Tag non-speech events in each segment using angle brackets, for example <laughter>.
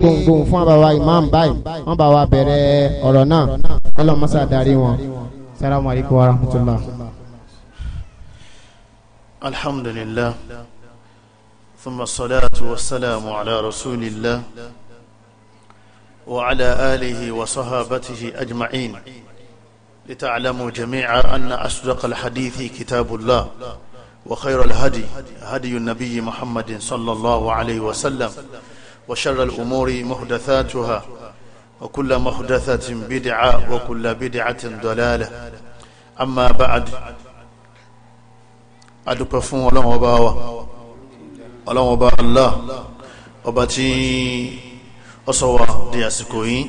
gbòǹgbòǹ fún àbáwá imam báyìí wọ́n bá wa bẹ̀rẹ̀ ọ̀rọ̀ náà kọ́lọ́ mọ́sá darí wọn. salamu alaykum wa rahmatulah. alhamdulillah thumma salatu wa salamu ala rasulillah wa ala alihi wa sahabatihi ajma'in lita'lamu jami'a anna asdaqa alhadithi kitabullah wa khayra alhadi hadiyu nabiyyi muhammadin sallallahu alayhi wa sallam. وشر الأمور محدثاتها وكل محدثة بدعة وكل بدعة ضلالة أما بعد أدوك فون ولا مباوة ولا مباوة الله وباتي أصوى دياسكوين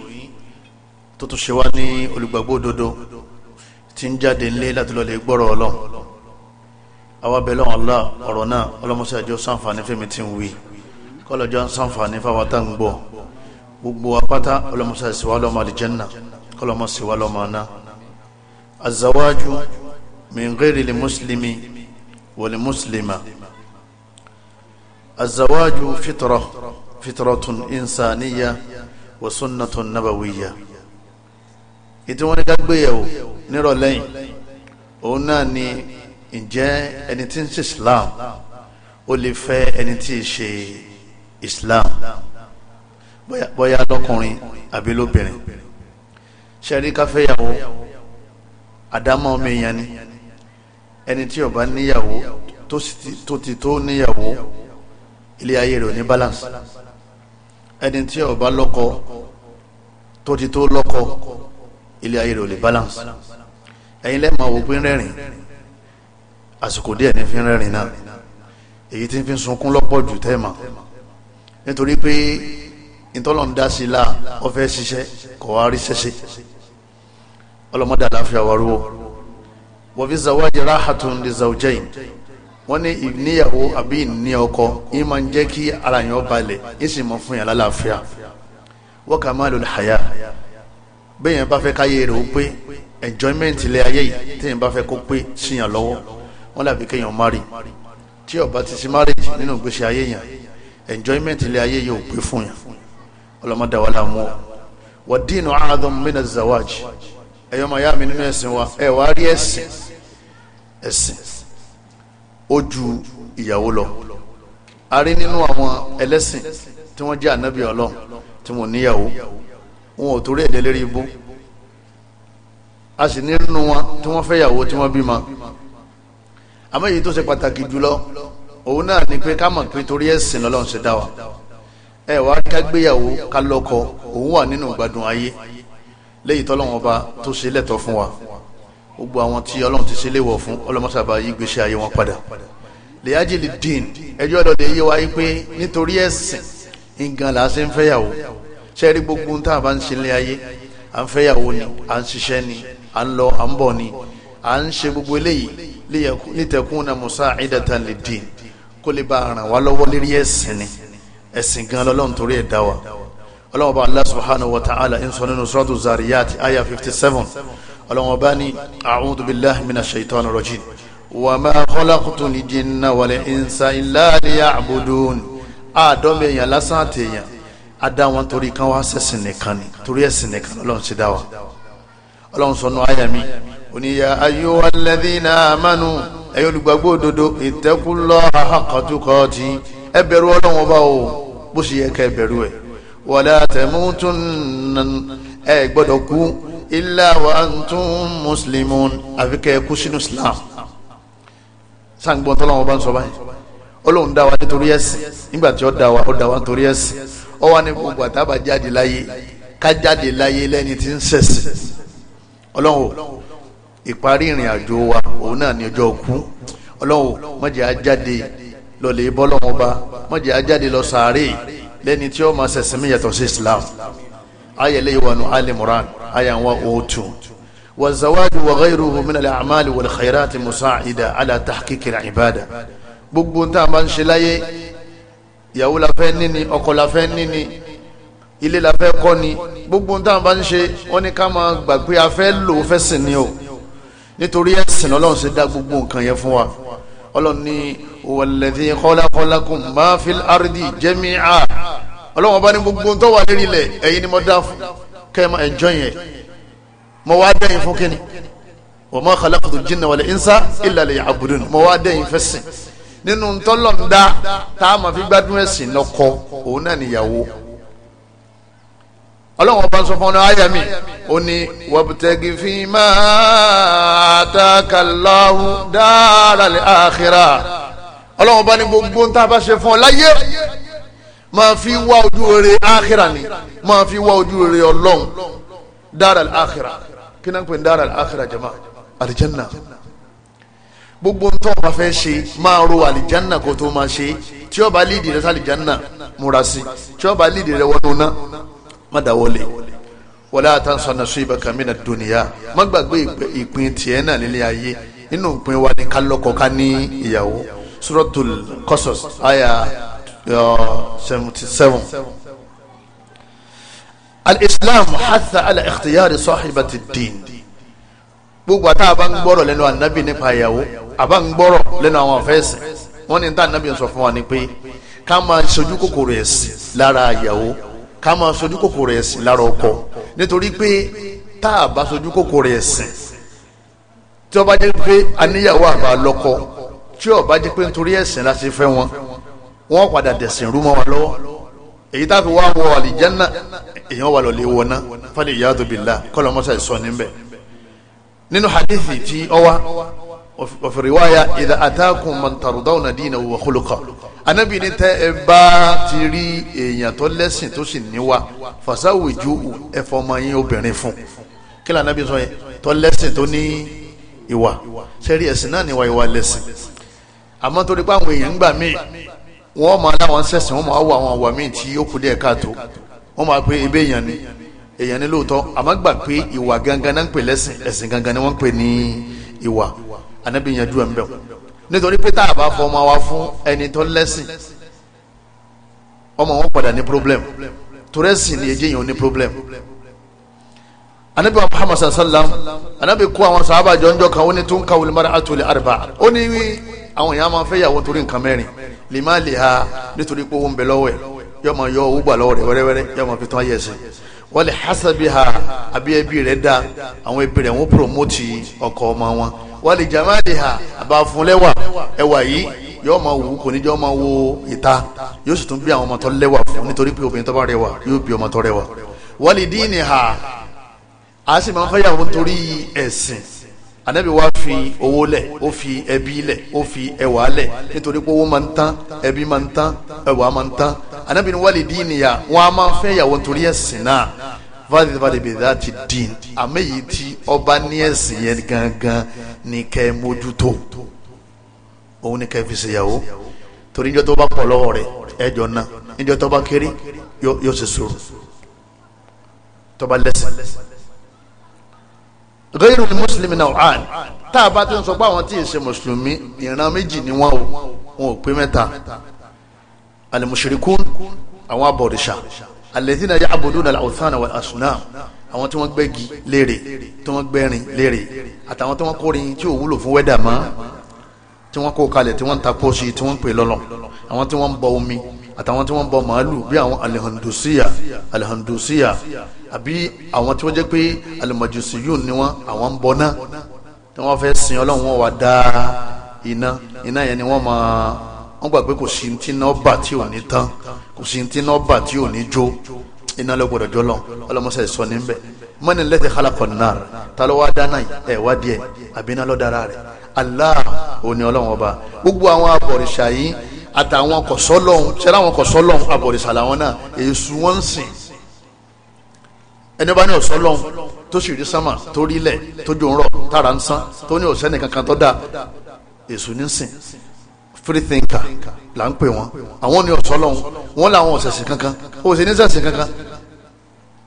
تتشواني ولبابو دودو tí ń jáde ńlé láti lọ lè gbọ́rọ̀ ọlọ́run àwọn abẹ́lẹ́ ọ̀la ọ̀rọ̀ náà ọlọ́mọṣẹ́ àjọ sáǹfààní fẹ́mi tí ń wí kọlọjọ ń sànfàní fáwọn tá ń gbọ́ gbogbo apáta ọlọmọsá ìsìwá lọmọ àlìjẹnà kọlọmọ síwá lọmọ ọ̀nà azawájú min ghairi li muslimi wa li muslima azawájú fitra fitratun insaniya wa sunnatun nabawiyya ètò wọn ní ká gbéyàwó nírọ̀lẹ́yìn òun náà ni ǹjẹ́ ẹni tí ń ṣe islam ó lè fẹ́ ẹni tí ì ṣe islam bóyá lọ́kùnrin àbí lóbìnrin ṣẹ́rí káfẹ́yàwó àdámọ́ ọmọ èèyàn ni ẹni tí ó bá níyàwó tó ti tó níyàwó ilé ayé rẹ̀ ní balance ẹni tí ó bá lọ́kọ tó ti tó lọ́kọ ilé ayé rẹ̀ ò balance ẹ̀yin lẹ́mọ̀ òpin rẹ̀rìn àsìkò díẹ̀ ní fi rẹ̀rìn náà èyí tí fi sunkún lọ́pọ̀ jù tẹ́ẹ̀mà nítorí pé ìtọ́lọ̀ ń dá sí la ọ̀fẹ́ ṣiṣẹ́ kọ̀ wá rí ṣẹṣẹ́ ọlọ́mọdé àláfíà wà rúwọ́ wọ́n fi zawaji rahatun li zawjayn wọ́n ní ìníyàwó àbí ìní ọkọ yìí máa ń jẹ́ kí ara yẹn balẹ̀ yìí sì mọ fún yàn lálàáfíà wa kamalul haya bẹ́ẹ̀ yẹn bá fẹ́ káyé rẹ̀ ó pé enjoyment ilé ayé yìí téèyàn bá fẹ́ kó pé síyàn lọ́wọ́ wọ́n làbí kéèyàn mari tí ó bá ti sí marriage nínú ìgbésí ayé yẹn enjoyment ilé ayé yìí ò pé fún yàn ọlọ́mọdé wà láàmú ọ wà dínú àádọ́mù mí náà zawaj ẹ̀yọ́ máa yá mi nínú ẹ̀sìn wa ẹ̀ wá rí ẹ̀sìn ẹ̀sìn ó ju ìyàwó lọ a rí nínú àwọn ẹlẹ́sìn tí wọ́n jẹ́ ànábì ọlọ́run tí wọ́n níyàwó wọn ò torí ẹ̀dẹ́ lérí ibú a sì nínú wọn tí wọ́n fẹ́ yàwó tí wọ́n bímọ àmọ́ èyí tó ṣe pàtàkì jùlọ òun náà ni pé ká mọ̀ pé torí ẹ̀sìn lọ́lọ́run ṣe dá wa ẹ wá ká gbéyàwó ká lọ́kọ òun wà nínú ìgbádùn ayé léyìí tọ́lọ́run ọba tó ṣe lẹ́tọ̀ fún wa gbogbo àwọn tí ọlọ́run ti ṣe léwọ̀ fún ọlọ́mọṣàbá yí gbèsè ayé wọn padà lèyájì lè dín ẹjọ́ ọ̀dọ̀dẹ̀ yé wa yí pé nítorí ẹ̀sìn nǹkan là á ṣe ń fẹ́yàwó ṣe rí gbogbo tá a bá ń ṣe ilé à ń fẹ́yàwó ni à ń ṣiṣẹ́ ni à ń lọ à ń bọ̀ ni à ń ṣe gbogbo eléyìí lítẹ̀kùn náà musa ìdàtàn lè dín kó lè bá ràn wá lọ́wọ́ lérí ẹ̀sìn ni ẹ̀sìn gan lọ́lọ́run torí ẹ̀ dá wa ọlọ́wọ́n bá Allah subhanahu wa ta'ala ń sọ nínú suratu zariyat aya 57 ọlọ́wọ́n bá ní a'udhu billahi minash shaitani rajim wa ma khalaqtul jinna wal insa illa liya'budun àádọ́mẹ̀ èèyàn lásán àtẹ̀yàn adá wọn torí kan wá sẹ́sìn nìkan ni torí ẹ̀sìn nìkan ọlọ́run ti dá wa ọlọ́run sọ nù àyà mi oníyà ayyuhal ladhina amanu ẹ̀yin olùgbàgbọ́ òdodo ittaqullaha haqqa tuqati ẹ bẹ̀rù ọlọ́run ọba o bó ṣe yẹ ká ẹ bẹ̀rù ẹ̀ wala tamutunna ẹ gbọ́dọ̀ kú illa wa antum àfi kẹ́ ẹ kú sínú islam sáǹgbọ́n tọ́lọ́wọ́n bá ń sọ báyìí ọlọ́run dá wa nítorí ẹ̀sìn nígbà tí ó dá wa ó dá wa nítorí ẹ̀sìn ó wà ní gbogbo àtàbà jáde láyé ká jáde láyé lẹ́ni tí ń ṣẹ̀sìn ọlọ́run ìparí ìrìn àjò wa òun náà ní ọjọ́ kú ọlọ́run mọ̀jẹ̀ ajáde lọ́lẹ̀ bọ́lọ́run ọba mọ̀jẹ̀ ajáde lọ sàárè lẹ́ni tí ó máa ṣẹ̀sìn mí yàtọ̀ sí Islam ayẹlẹ ìwànú alimuran ayanwa òòtù wàzawájú wàgáyìrú minal amali wal khairati musaida ala tahqiqi ibada gbogbo tá a máa ń ṣe láyé ìyàwó la fẹ́ ọkọ la fẹ́ ilé la fẹ́ gbogbo tá a máa ń ṣe wọ́n ní ká máa gbà pé lò ó ni o nítorí ẹ̀sìn ọlọ́run ṣe dá gbogbo nǹkan yẹn fún wa ọlọ́run ní walladhi khalaqalakum ma fil ardi jami'a ọlọ́run ọba ní gbogbo tó wà lérí ilẹ̀ ẹ̀yin ni mo dá fún kẹ́ ẹ máa enjoy yẹn mo wá dẹ́yìn fún kínní wa ma khalaqtul jinna wal insa illa liya'budun mo wá dẹ́yìn fẹ́ nínú ntọ́lọ́ndá tá a máa fi gbádùn ẹ̀sìn lọ́kọ òun náà níyàwó ọlọ́wọ́n bá ń sọ fún ọ́nà àyà mi ó ní wabtagi fima ataka Allahu daral akhirah ọlọ́wọ́n bá ní gbogbo ń tá a bá ṣe fún ọ láyé máa fi wá ojú rere àkìrà ni máa fi wá ojú rere ọlọ́run daral akhirah kí náà pè ní daral akhirah jama alijanna gbogbo ń tọ́ ma fẹ́ ṣe máa ro àlìjánà kó tó máa ṣe tí ó bá lídìí rẹ múra sí tí ó bá lídìí wọnú náà má dáwọ́lé wọlé àtàǹsọ̀ náà sọ ibà kàmí náà dùnìyà má gbàgbé ìpín tiẹ̀ náà nílé ayé inú ìpín wa ní ká lọ́kọ ká ní ìyàwó suratul Qasas aya seventy seven. al-islam hatha ala ikhtiyari sahibati din gbogbo àti àbá ń gbọ́rọ̀ lẹ́nu ànábì nípa ìyàwó àbá ń gbọ́rọ̀ lẹ́nu àwọn àfẹ́sẹ̀ wọ́n ní ní tá ànábì ń sọ ká máa sojú kòkòrò ẹ̀sìn lára ọkọ nítorí pé tá a bá sojú kòkòrò ẹ̀sìn tí ó bá jẹ́ pé aníyàwó àbá lọ́kọ tí ó bá jẹ́ pé nítorí ẹ̀sìn la ṣe fẹ́ wọn wọ́n padà dẹ̀sìn rú mọ́ wọn lọ́wọ́ èyí tá a fi wá wọ àlìjánná èèyàn wà lọ́lẹ́ wọná fálẹ̀ ìyáàdó bìlá kọ́lọ́mọ́sá ìsọ níbẹ̀ nínú hadithi tí ó òfìrìwáyà ìdá àtàkùn mọ̀ntàrúdáwọ̀n dínà wọ̀ kólókọ̀ anabi ní tẹ ẹ bá ti rí èèyàn tó lẹ́sìn tó sì níwà fàṣàwìjú ẹ̀fọ́ ọmọ yín obìnrin fún kí lóò anabi sọ yẹn tó lẹ́sìn tó ní ìwà sẹ́rí ẹ̀sìn náà níwà ìwà lẹ́sìn àmọ́ torí pé àwọn èèyàn ń gbà míì wọ́n máa láwọn sẹ̀sìn wọ́n máa wọ àwọn àwà míì tí ó kù díẹ̀ káàtó wọ́n máa pe ebe èèyàn ni èèyàn ni lóòótọ́ àmọ́ gbà pé ìwà gangan náà ń pè lẹ́sìn ẹ̀sìn gangan ni wọ́n ń pè ní ìwà anabi yanjú ẹ̀ ń bẹ̀rù nítorí pé tá a bá fọ ọmọ wa fún ẹni tó lẹ́sìn ọmọ wọn padà ní problem tùrẹ́sìn ni èjì yẹn ní problem anabi wa muhammad sallam anabi kó àwọn sàhábà jọjọ kan ó ní tún ka wulmar atuli arba ó ní àwọn èèyàn máa fẹ́ yàwó torí nǹkan mẹ́rin lèmi àlè ha nítorí pé owó ń bẹ lọ́wọ́ ẹ̀ yọ máa yọ owó gbà lọ́wọ́ rẹ̀ wẹ́rẹ́wẹ́rẹ́ yọ máa fi tán ayé ẹ̀sìn wọ́n lè hasabi ha àbí ẹbí rẹ̀ dá àwọn ẹbí rẹ̀ wọ́n promoti ọkọ ọmọ wọn wọ́n lè jamali ha àbá fún lẹ́wà ẹwà yìí yóò máa wù kò ní jọ́ máa wo ìta yóò sì tún bí àwọn ọmọ tó lẹ́wà fún nítorí pé obìnrin tó bá rẹwà yóò bí ọmọ rẹwà wọ́n lè dín ní ha a sì máa ń fẹ́yàwó nítorí ẹ̀sìn anabi wa fi owó lẹ ó fi ẹbí lẹ ó fi ẹwà lẹ nítorí pé owó máa ń tán ẹbí máa ń tán ẹwà máa ń tán anabi ni wàlídìí nìyà wọn a máa fẹ́ ìyàwó nítorí ẹ̀sìn náà fàdí fàdí bíi láti dín àmì yìí tí ọba ní ẹ̀sìn yẹn gangan ní kẹ́ ẹ mójútó òun ní kẹ́ ẹ fi ṣèyàwó torí níjọ́ tó bá pọ̀ lọ́wọ́ rẹ̀ ẹjọ́ náà tó bá kéré yóò ṣe sùúrù tó bá lẹ́sìn. gẹ́rù ni mùsùlùmí náà àn tá a bá ti ń sọ pé àwọn tí ì ṣe mùsùlùmí ìran méjì ni wọ́n o wọn ò pé mẹ́ta alimusirikun àwọn abọ̀rìṣà alladhina ya'buduna al-awthana wal-asnam àwọn tí wọ́n gbẹ́gi léèrè tí wọ́n gbẹ́rin léèrè àtàwọn tí wọ́n kórin tí ò wúlò fún wẹ́dà mọ́ tí wọ́n kó kalẹ̀ tí wọ́n ń ta pósí tí wọ́n ń pè lọ́lọ́ àwọn tí wọ́n ń bọ omi àtàwọn tí wọ́n bọ màálù bí àwọn alihandusiya alihandusiya àbí àwọn tí wọ́n jẹ́ pé alimajusiyun ni wọ́n àwọn ń bọ náà tí wọ́n fẹ́ sin ọlọ́run wọn wà dáa iná iná yẹn ni wọ́n máa wọ́n gbà pé kò sí ti náà bà tí ò ní tán kò sí ti náà bà tí ò ní jó iná ló gbọdọ̀ jọlọ ọlọmọsẹ sọ níbẹ̀ mọ́ni lẹ́tẹ̀ xalakọ̀ náà ta dáná ẹ̀ wá díẹ̀ àbíná ló dára rẹ̀ Allah òní ọlọ́run ọba gbogbo àwọn abọ̀rìṣà yìí àtàwọn kọ̀sọ́lọ́hún ṣẹlẹ̀ àwọn kọ̀sọ́lọ́hún abọ̀rìṣà làwọn náà èṣù wọn ń sìn ẹni bá ní ọ̀sọ́lọ́hún tó sì rí sánmà tó rí ilẹ̀ tó jò ń rọ̀ tára ń sán tó ní ọ̀sẹ́nì kankan tó dáa èṣù ní sìn free thinker là ń pè wọn àwọn ni ọ̀sọ́ lọ́hún wọn làwọn ọ̀sẹ̀sìn kankan ó sì ní sẹ̀sìn kankan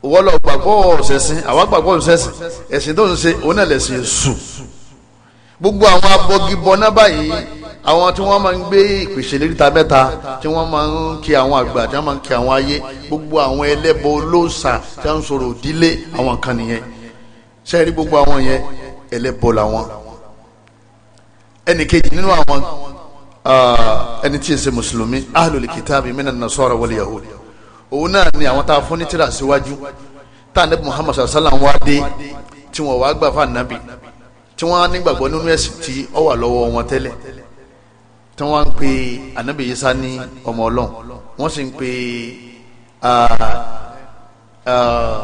wọ́n lọ gbàgbọ́ ọ̀sẹ̀sìn àwa gbàgbọ́ ọ̀sẹ̀sìn ẹ̀sìn tó ń ṣe òun náà lẹ̀sìn èṣù gbogbo àwọn abọ́gibọ́ náà báyìí àwọn tí wọ́n máa ń gbé ìpèsè léríta mẹ́ta tí wọ́n máa ń kí àwọn àgbà tí wọ́n máa ń kí àwọn ayé gbogbo àwọn ẹlẹ́bọ olóòṣà tí wọ́n ń sọ̀rọ̀ òdílé àwọn kan nìyẹn sẹ́ẹ̀rí gbogbo àwọn yẹn ẹlẹ́bọ làwọn ẹnìkejì nínú àwọn Ah, ẹni tí ń ṣe mùsùlùmí ahlul kitabi minan nasara wal yahud òun náà ni àwọn tá a fún ní tíra síwájú tá a nẹ́bí muhammad sallam wá dé tí wọ́n wá gbà fún ànábì tí wọ́n nígbàgbọ́ nínú ẹ̀sìn tí ó wà lọ́wọ́ wọn tẹ́lẹ̀ tí wọ́n ń pe ànábì Ìsá ní ọmọ ọlọ́run wọ́n sì ń pe ah, ah,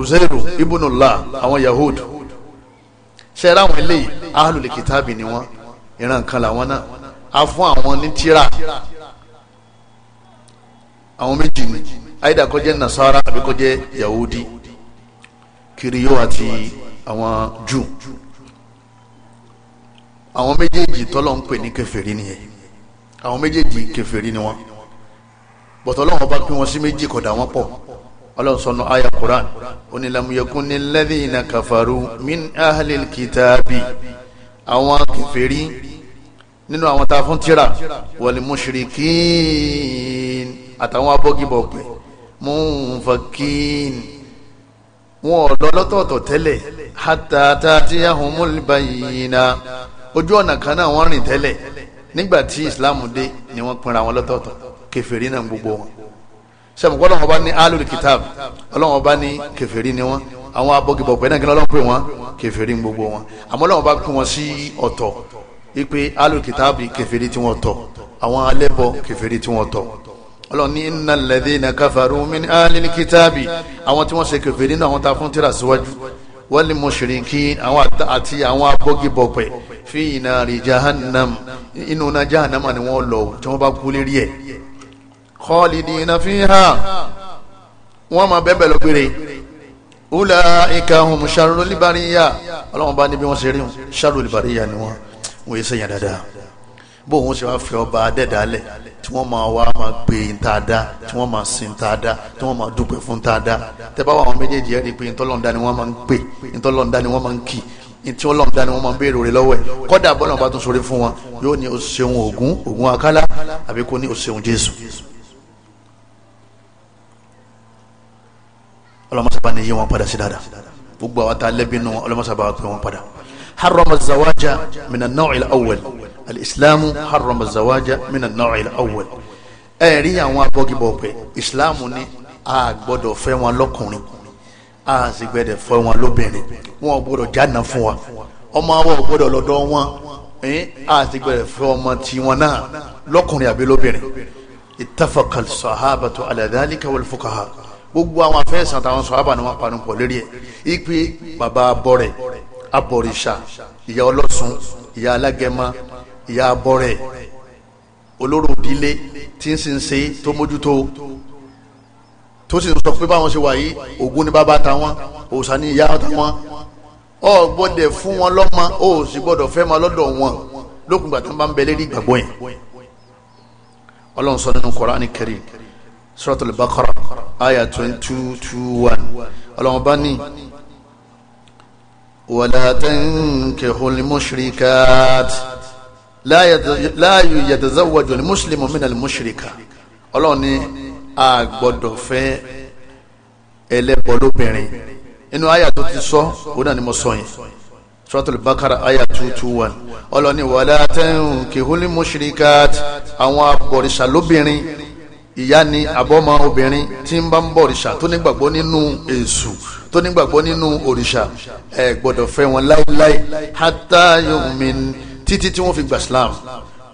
uzairu ibnullah àwọn yahud ṣe é ráwọn eléyìí ahlul kitabi ni ìran kan làwọn náà a fún àwọn ní tíra àwọn méjì ni àyídà kó jẹ́ nasara àbí kó jẹ́ yahudi kiriyó àti àwọn jù àwọn méjèèjì tọ́lọ̀ ń pè ní kèfèrí nìyẹn àwọn méjèèjì kèfèrí ni wọn bọ̀tọ̀ ọlọ́run bá pín wọn sí méjì kò dà pọ̀ ọlọ́run aya quran onílàmúyẹkùn ní lẹ́dínà kàfàrú min ahlil kìtàbí àwọn kèfèrí nínú àwọn tá a fún tíra wọlé mushrikin àtàwọn abọ́gibọ̀pẹ̀ munfakin wọn ò lọ́tọ̀ọ̀tọ̀ tẹ́lẹ̀ hatta tatiyahumul bayyina ojú ọ̀nà kan náà wọ́n rìn tẹ́lẹ̀ nígbà tí islam dé ni wọ́n pinra wọn lọ́tọ̀ọ̀tọ̀ kèfèrí náà gbogbo wọn sẹ́mu kọ́ ọlọ́wọ́n bá ní alul kitab ọlọ́wọ́n bá ní kèfèrí ni wọ́n àwọn abọ́gibọ̀pẹ̀ náà kí wọ́n lọ́ pè wọ́n kèfèrí gbogbo wọn àmọ́ làwọn bá pín wọn sí ọ̀tọ̀ ipe alukitaabi kèfèrí tí wọ́n tọ̀ àwọn alẹ́bọ kèfèrí tí wọ́n tọ̀ ọlọ́run ní innal ladhina kafaru min alil kitaabi àwọn tí wọ́n ṣe kèfèrí náà àwọn tá a fún tírà síwájú wal mushrikin àwọn àti àwọn abọ́gibọ̀pẹ̀ fi nari jahannam inú na jahannam ni wọ́n lọ tí wọ́n bá kú lérí ẹ̀ khalidina fiha wọ́n máa bẹ́ẹ̀ bẹ́ẹ̀ lọ gbére ulaika hum sharrul bariyya ọlọ́wọ́n bá níbi wọ́n ṣe rí wọn sharrul bariyya ni wọ́n wọ́n yẹ sẹ́yìn dáadáa bó wọn ṣe wá fi ọba adẹ́dàálẹ̀ tí wọ́n máa wá máa gbé ntaada tí wọ́n máa sin ntaada tí wọ́n máa dúpẹ́ fún ntaada tẹ́bá wà wọn méjèèjì ẹ̀rí pé ntọ́lọ́ndá ni wọ́n máa ń pè ntọ́lọ́ndá ni wọ́n máa ń kì ntí ọlọ́ndá ni wọ́n máa ń béèrè rẹ̀ lọ́wọ́ ẹ̀ kọ́dà bọ́lá wọn bá tún sọrí fún wọn yóò ní o ṣeun ògún ògún akálá àbí kò ní o ṣeun Jésù ọlọmọsàbà ni yí wọn padà sí dáadáa gbogbo àwọn tá a lẹ́bi nù ọlọmọsàbà pé wọn padà harrama zawaja mina náà ilà awwal alislamu harrama zawaja mina náà ilà awwal ẹ rí àwọn abọ́gibọ̀ pé islamu ni a gbọ́dọ̀ fẹ́ wọn lọ́kùnrin a sì gbẹ́dẹ̀ fẹ́ wọn lóbìnrin wọn gbọ́dọ̀ jáná fún wa ọmọ àwọn gbọ́dọ̀ lọ́dọ̀ wọn a sì gbẹ́dẹ̀ fẹ́ ọmọ tiwọn náà lọ́kùnrin àbí lóbìnrin ittafaqa al-sahabatu ala dhalika wal gbogbo àwọn afẹ́sàn táwọn sọ̀hábà ni wọ́n panu pọ̀ lórí ẹ̀ ipe bàbá abọ́rẹ̀ abọ̀rìṣà ìyá ọlọ́sùn ìyá alágẹ̀mọ́ ìyá abọ́rẹ̀ olóró ìdílé tí ń sin ṣe tó mójútó tó sì ń sọ pé báwọn ṣe wà yìí Ògún ni bàbá táwọn òòṣà ni ìyá táwọn ọ gbọ́dọ̀ fún wọn lọ́mọ ó sì gbọ́dọ̀ fẹ́ mọ lọ́dọ̀ wọn lókùngbà tó ń bá ń bẹ lérí ìgbàgbọ́ yẹn ọlọ́run sọ nínú Kùránì Karim Suratul Baqara aya twenty two two one ọlọ́run bá ní wala tankihul mushrikat la yatazawwaju al-muslimu min al-mushrika ọlọ́run ní a gbọ́dọ̀ fẹ́ ẹlẹ́bọ lóbìnrin inú aya tó ti sọ ó náà ni mo sọ yẹn suratul bakara aya two two one ọlọ́run ní wala tankihul mushrikat àwọn abọ̀rìṣà lóbìnrin ìyá ni àbọ́mọ obìnrin tí ń bá ń bọ òrìṣà tó nígbàgbọ́ nínú èṣù tó nígbàgbọ́ nínú òrìṣà ẹ gbọ́dọ̀ fẹ́ wọn láéláé hatta yu'min títí tí wọ́n fi gbà Islam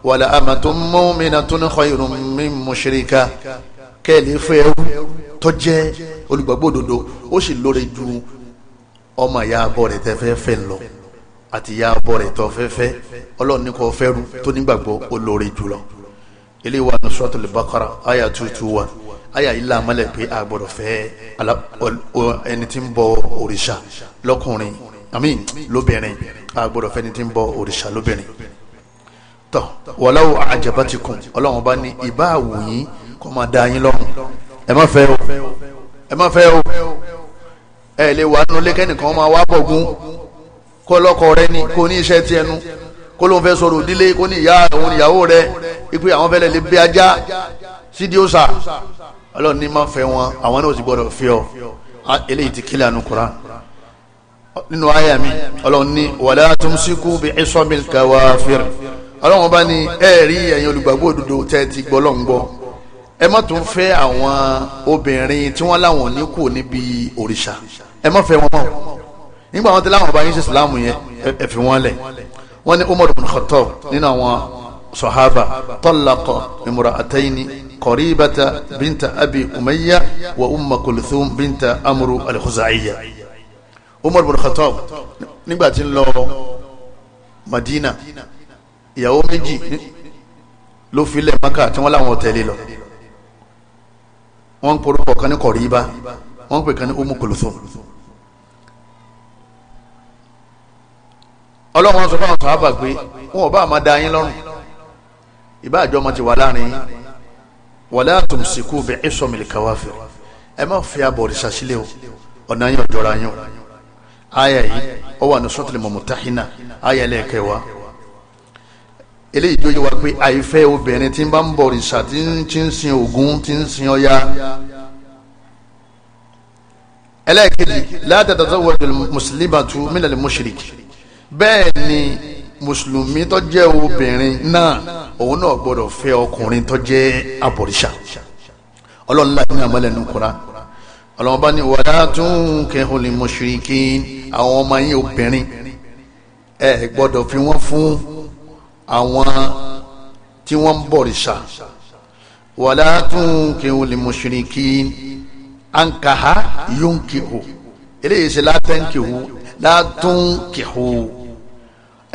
wala amatun mu'minatun khayrun min mushrika kẹ́ẹ̀lì fẹ́ ẹrú tó jẹ́ olùgbàgbọ́ òdodo ó sì lóore ju ọmọ ìyá abọ́ rẹ̀ tẹ́ fẹ́ fẹ́ lọ àti ìyá abọ́ rẹ̀ tọ́ fẹ́ fẹ́ ọlọ́run ní tó nígbàgbọ́ olóore jùlọ ilé wa ní suratul Baqara àyà two two one àyà ilé amálẹ̀ pé a gbọ́dọ̀ fẹ́ ẹni tí ń bọ òrìṣà lọ́kùnrin àmín lóbìnrin a gbọ́dọ̀ fẹ́ ẹni tí ń bọ òrìṣà lóbìnrin tọ́ walaw a'jabatikum ọlọ́run bá ní ìbá àwòyìn kọ́ máa da yín lọ́rùn ẹ má fẹ́ o ẹ má fẹ́ o ẹ lè wà nulẹ̀ kẹ́nìkan máa wá bọ̀gún kọ́ lọ́kọ rẹ ni kò ní iṣẹ́ tiẹ̀ nu kó ló ń fẹ́ sọ̀rọ̀ òdílé kó ní ìyá òun ìyàwó rẹ̀ ipe àwọn fẹ́lẹ̀ lè bí ajá sídìí òsà ọlọ́run ní máa fẹ́ wọn àwọn náà sì gbọ́dọ̀ fẹ́ ọ eléyìí ti kílẹ̀ àánú kura nínú àyà mi ọlọ́run ní wàlá tumsiku bí isomi kawafir ọlọ́run bá ní ẹ̀ẹ́rí ẹ̀yin olùgbàgbọ́ òdodo tẹ́ ti gbọ́ lọ́n gbọ́ ẹ má tún fẹ́ àwọn obìnrin tí wọ́n láwọn ní kù níbi òrìṣà ẹ má fẹ́ wọn mọ́ nígbà wọn ti láwọn ọba yín ṣe ìsìlámù yẹn ẹ fi wọn lẹ̀ wọ́n ní umar bin khattab nínú àwọn sọ̀hábà talaqa imra'atayni qaribata binta abi umayya wa umma kulthum binta amru al-khuzaiya umar bin khattab nígbà tí ń lọ madina ìyàwó méjì ló filẹ̀ maka tí wọ́n láwọn tẹ̀lé lọ wọ́n ń porúkọ kan ní kọ̀ríba wọ́n ń pè kan ní umu kulthum ọlọ́run wọn sọ fún àwọn sọ̀hábà pé wọn ò bá máa da yín lọ́rùn ìbá àjọ ọmọ ti wà láàrin yín wala tumsiku bi isomil kawafir ẹ má fi abọ̀rìṣà sílẹ̀ o ọ̀nà yín ọ̀jọ̀ra yín o àyà yìí ó wà ní suratul mumtahina àyà ẹlẹ́ẹ̀kẹwàá eléyìí tó yẹ wa pé àìfẹ́ obìnrin tí ń bá ń bọ̀rìṣà tí ń ti ń sin Ògún tí ń sin Ọya ẹlẹ́ẹ̀kejì la tatazawwajul muslimatu minal bẹ́ẹ̀ ni mùsùlùmí tó jẹ́ obìnrin náà òun náà gbọ́dọ̀ fẹ́ ọkùnrin tó jẹ́ abọ̀rìṣà ọlọ́run láti ní àmọ́lẹ́nu kura ọlọ́run bá ní wàlá tún kẹ́hùn lè mọ̀ṣíríkì àwọn ọmọ yín obìnrin ẹ gbọ́dọ̀ fi wọ́n fún àwọn tí wọ́n ń bọ̀rìṣà wàlá tún kẹ́hùn lè mọ̀ṣíríkì ankaha yóò ń kẹ́hùn eléyìí ṣe látẹ́ńkẹ́hùn látún kẹ́hùn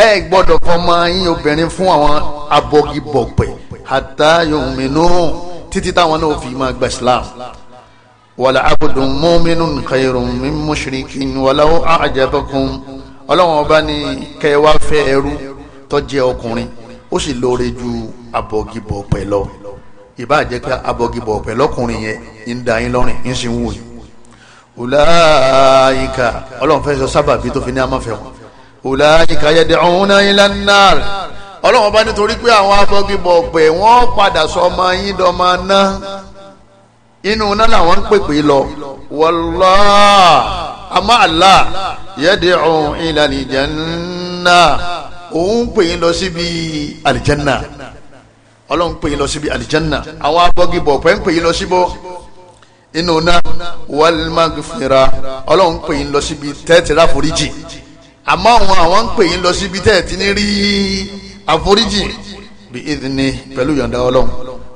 ẹ gbọ́dọ̀ fọmọ yín obìnrin fún àwọn abọgibọ̀pẹ̀ àtàyọ̀mínú títí táwọn náà fi máa gba Islam wàlà abudun mu'minun khayrun min mushrikin walau a'jabakum ọlọ́wọ́n ọba ní kẹwàá fẹ́ ẹrú tó jẹ́ ọkùnrin ó sì lóore ju abọgibọ̀pẹ̀ lọ ìbá jẹ́ pé abọgibọ̀pẹ̀ lọ́kùnrin yẹn ń da yín lọ́rìn ń sin wù yín. ulaika ọlọ́run sábàbí tó fi ní amáfẹ́ wọn ulaika yad'una ila an-nar ọlọ́run bá nítorí pé àwọn afọ́gibọ̀ pé wọ́n padà sọmọ yín dọ́mọ náà inú náà làwọn ń pèpè lọ wallahi àmọ́ Allah yad'u ila al-janna òun pè yín lọ síbi àlìjánà ọlọ́run pè yín lọ síbi àlìjánà àwọn abọ́gibọ̀ pẹ́ ń pè yín lọ síbọ̀ inú náà wal maghfira ọlọ́run pè yín lọ síbi tẹ́tẹ́rà foríjì àmọ́ àwọn àwọn ń pè yín lọ síbi tẹ́ ẹ̀ ti ní rí àforíjì bí ìdíni pẹ̀lú yọ̀ǹda ọlọ́run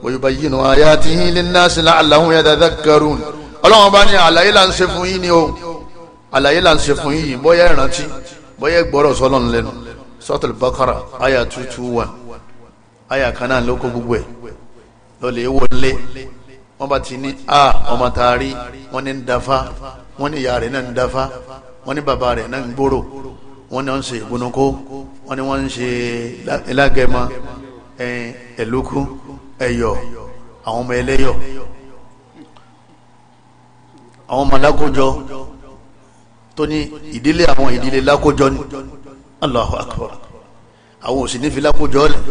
òye bá yìí nù ayá ti yín lé náà sí aláhùn yàtọ̀ dákàrún ọlọ́run bá ní àlàyé là ń ṣe fún yín ni o àlàyé là ń ṣe fún yín bóyá ìrántí bóyá ìgbọ́rọ̀ sọlọ́run lẹ́nu sọ́tò bàkàrà àyà tútù wà àyà kan náà ló gbogbo ẹ̀ lọ́lẹ̀ wọlé wọ́n bá ti ní a ọmọ taari wọ́n ní ń dafa wọ́n ní ìyá rẹ̀ náà ń dafa wọ́n ní bàbá rẹ̀ náà ń gbòòrò wọ́n ní wọ́n ń ṣe ìgbónúkó wọ́n ní wọ́n ń ṣe ìlágẹ̀mọ ẹ̀lúkú ẹ̀yọ̀ àwọn ọmọ ẹlẹ́yọ̀ àwọn ọmọ alákójọ tó ní ìdílé àwọn ìdílé lákójọ ni Allahu Akbar àwọn òsì ní fi lákójọ lẹ̀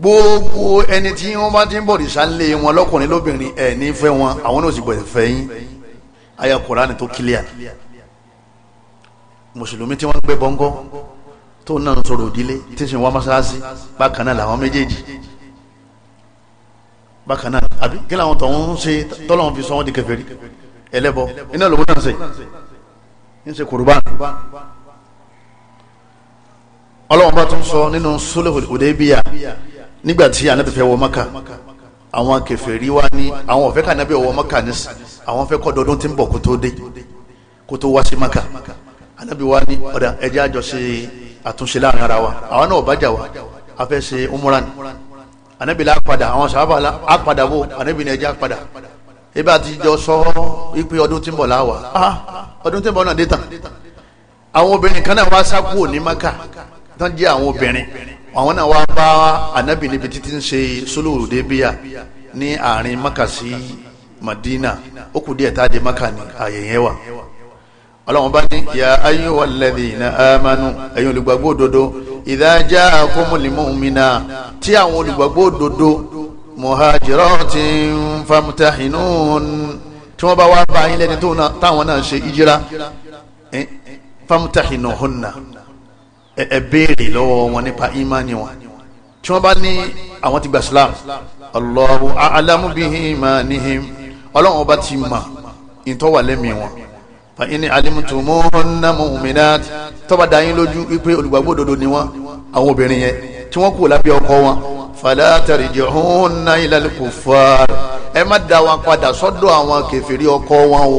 gbogbo ẹni tí wọ́n bá ti ń bọ̀rìṣà lé wọn lọ́kùnrin lóbìnrin ẹ̀ ní fẹ́ wọn àwọn náà sì bọ̀ fẹ́ yín àyá Kùránì tó kílíà mùsùlùmí tí wọ́n gbé bọ́ńgọ́ tó náà ń sọ̀rọ̀ òdílé tí ń sìn wá mọ́sálásí bákan náà làwọn méjèèjì bákan náà àbí kí làwọn tọ̀hún ń ṣe tọ́lọ́wọ́n fi sọ wọ́n di kèfèrí ẹlẹ́bọ iná lòun náà ṣe ń ṣe kùrùbán ọlọ́wọ́n bá tún sọ nínú sólòhùn òdébíyà nígbà tí ànábì fẹ́ wọ Mákà àwọn kèfèrí wá ní àwọn ọ̀fẹ́ kànábì wọ Mákà nísìn àwọn fẹ́ kọ́ anabi wa ni ọ̀dà ẹja àjọ ṣe àtúnṣe láàrin ara wa àwa náà bàjá wa a fẹ́ ṣe umran anabi la padà àwọn sábà la padà wo anabi ni ẹja padà ebi àti jọ sọ ipe ọdún tí ń bọ̀ láwa ah ọdún tí ń bọ̀ náà dé tán àwọn obìnrin kan náà wá sá kúrò ní maka tán jẹ́ àwọn obìnrin àwọn náà wá bá anabi níbi títí ń ṣe sólùwò débíyà ní àárín maka sí madina ó kù díẹ̀ tá a di maka ní àyè yẹn wà ọlọ́run bá ní ya ayyuhal ladhina amanu ẹ̀yin olùgbàgbọ́ òdodo idha ja'akumul mu'minat tí àwọn olùgbàgbọ́ òdodo muhajiratin famtahinun tí wọ́n bá wá bá yín lẹ́ni táwọn náà ṣe ìjìra eh, famtahinuhunna ẹ béèrè lọ́wọ́ wọn nípa ìmánì wọn tí wọ́n bá ní àwọn ti gbà Islam Allahu a'lamu imanihim ọlọ́run ọba ti mà ìtọ́wà wọn fa in alimtumuhunna mu'minat tó bá dá yín lójú wípé olùgbàgbọ́ òdodo ni wọ́n àwọn obìnrin yẹn tí wọ́n kú lábẹ́ ọkọ wọn fala tarji'unna ilal kuffar ẹ má dá wọn padà sọ́dọ̀ àwọn kèfèrí ọkọ wọn o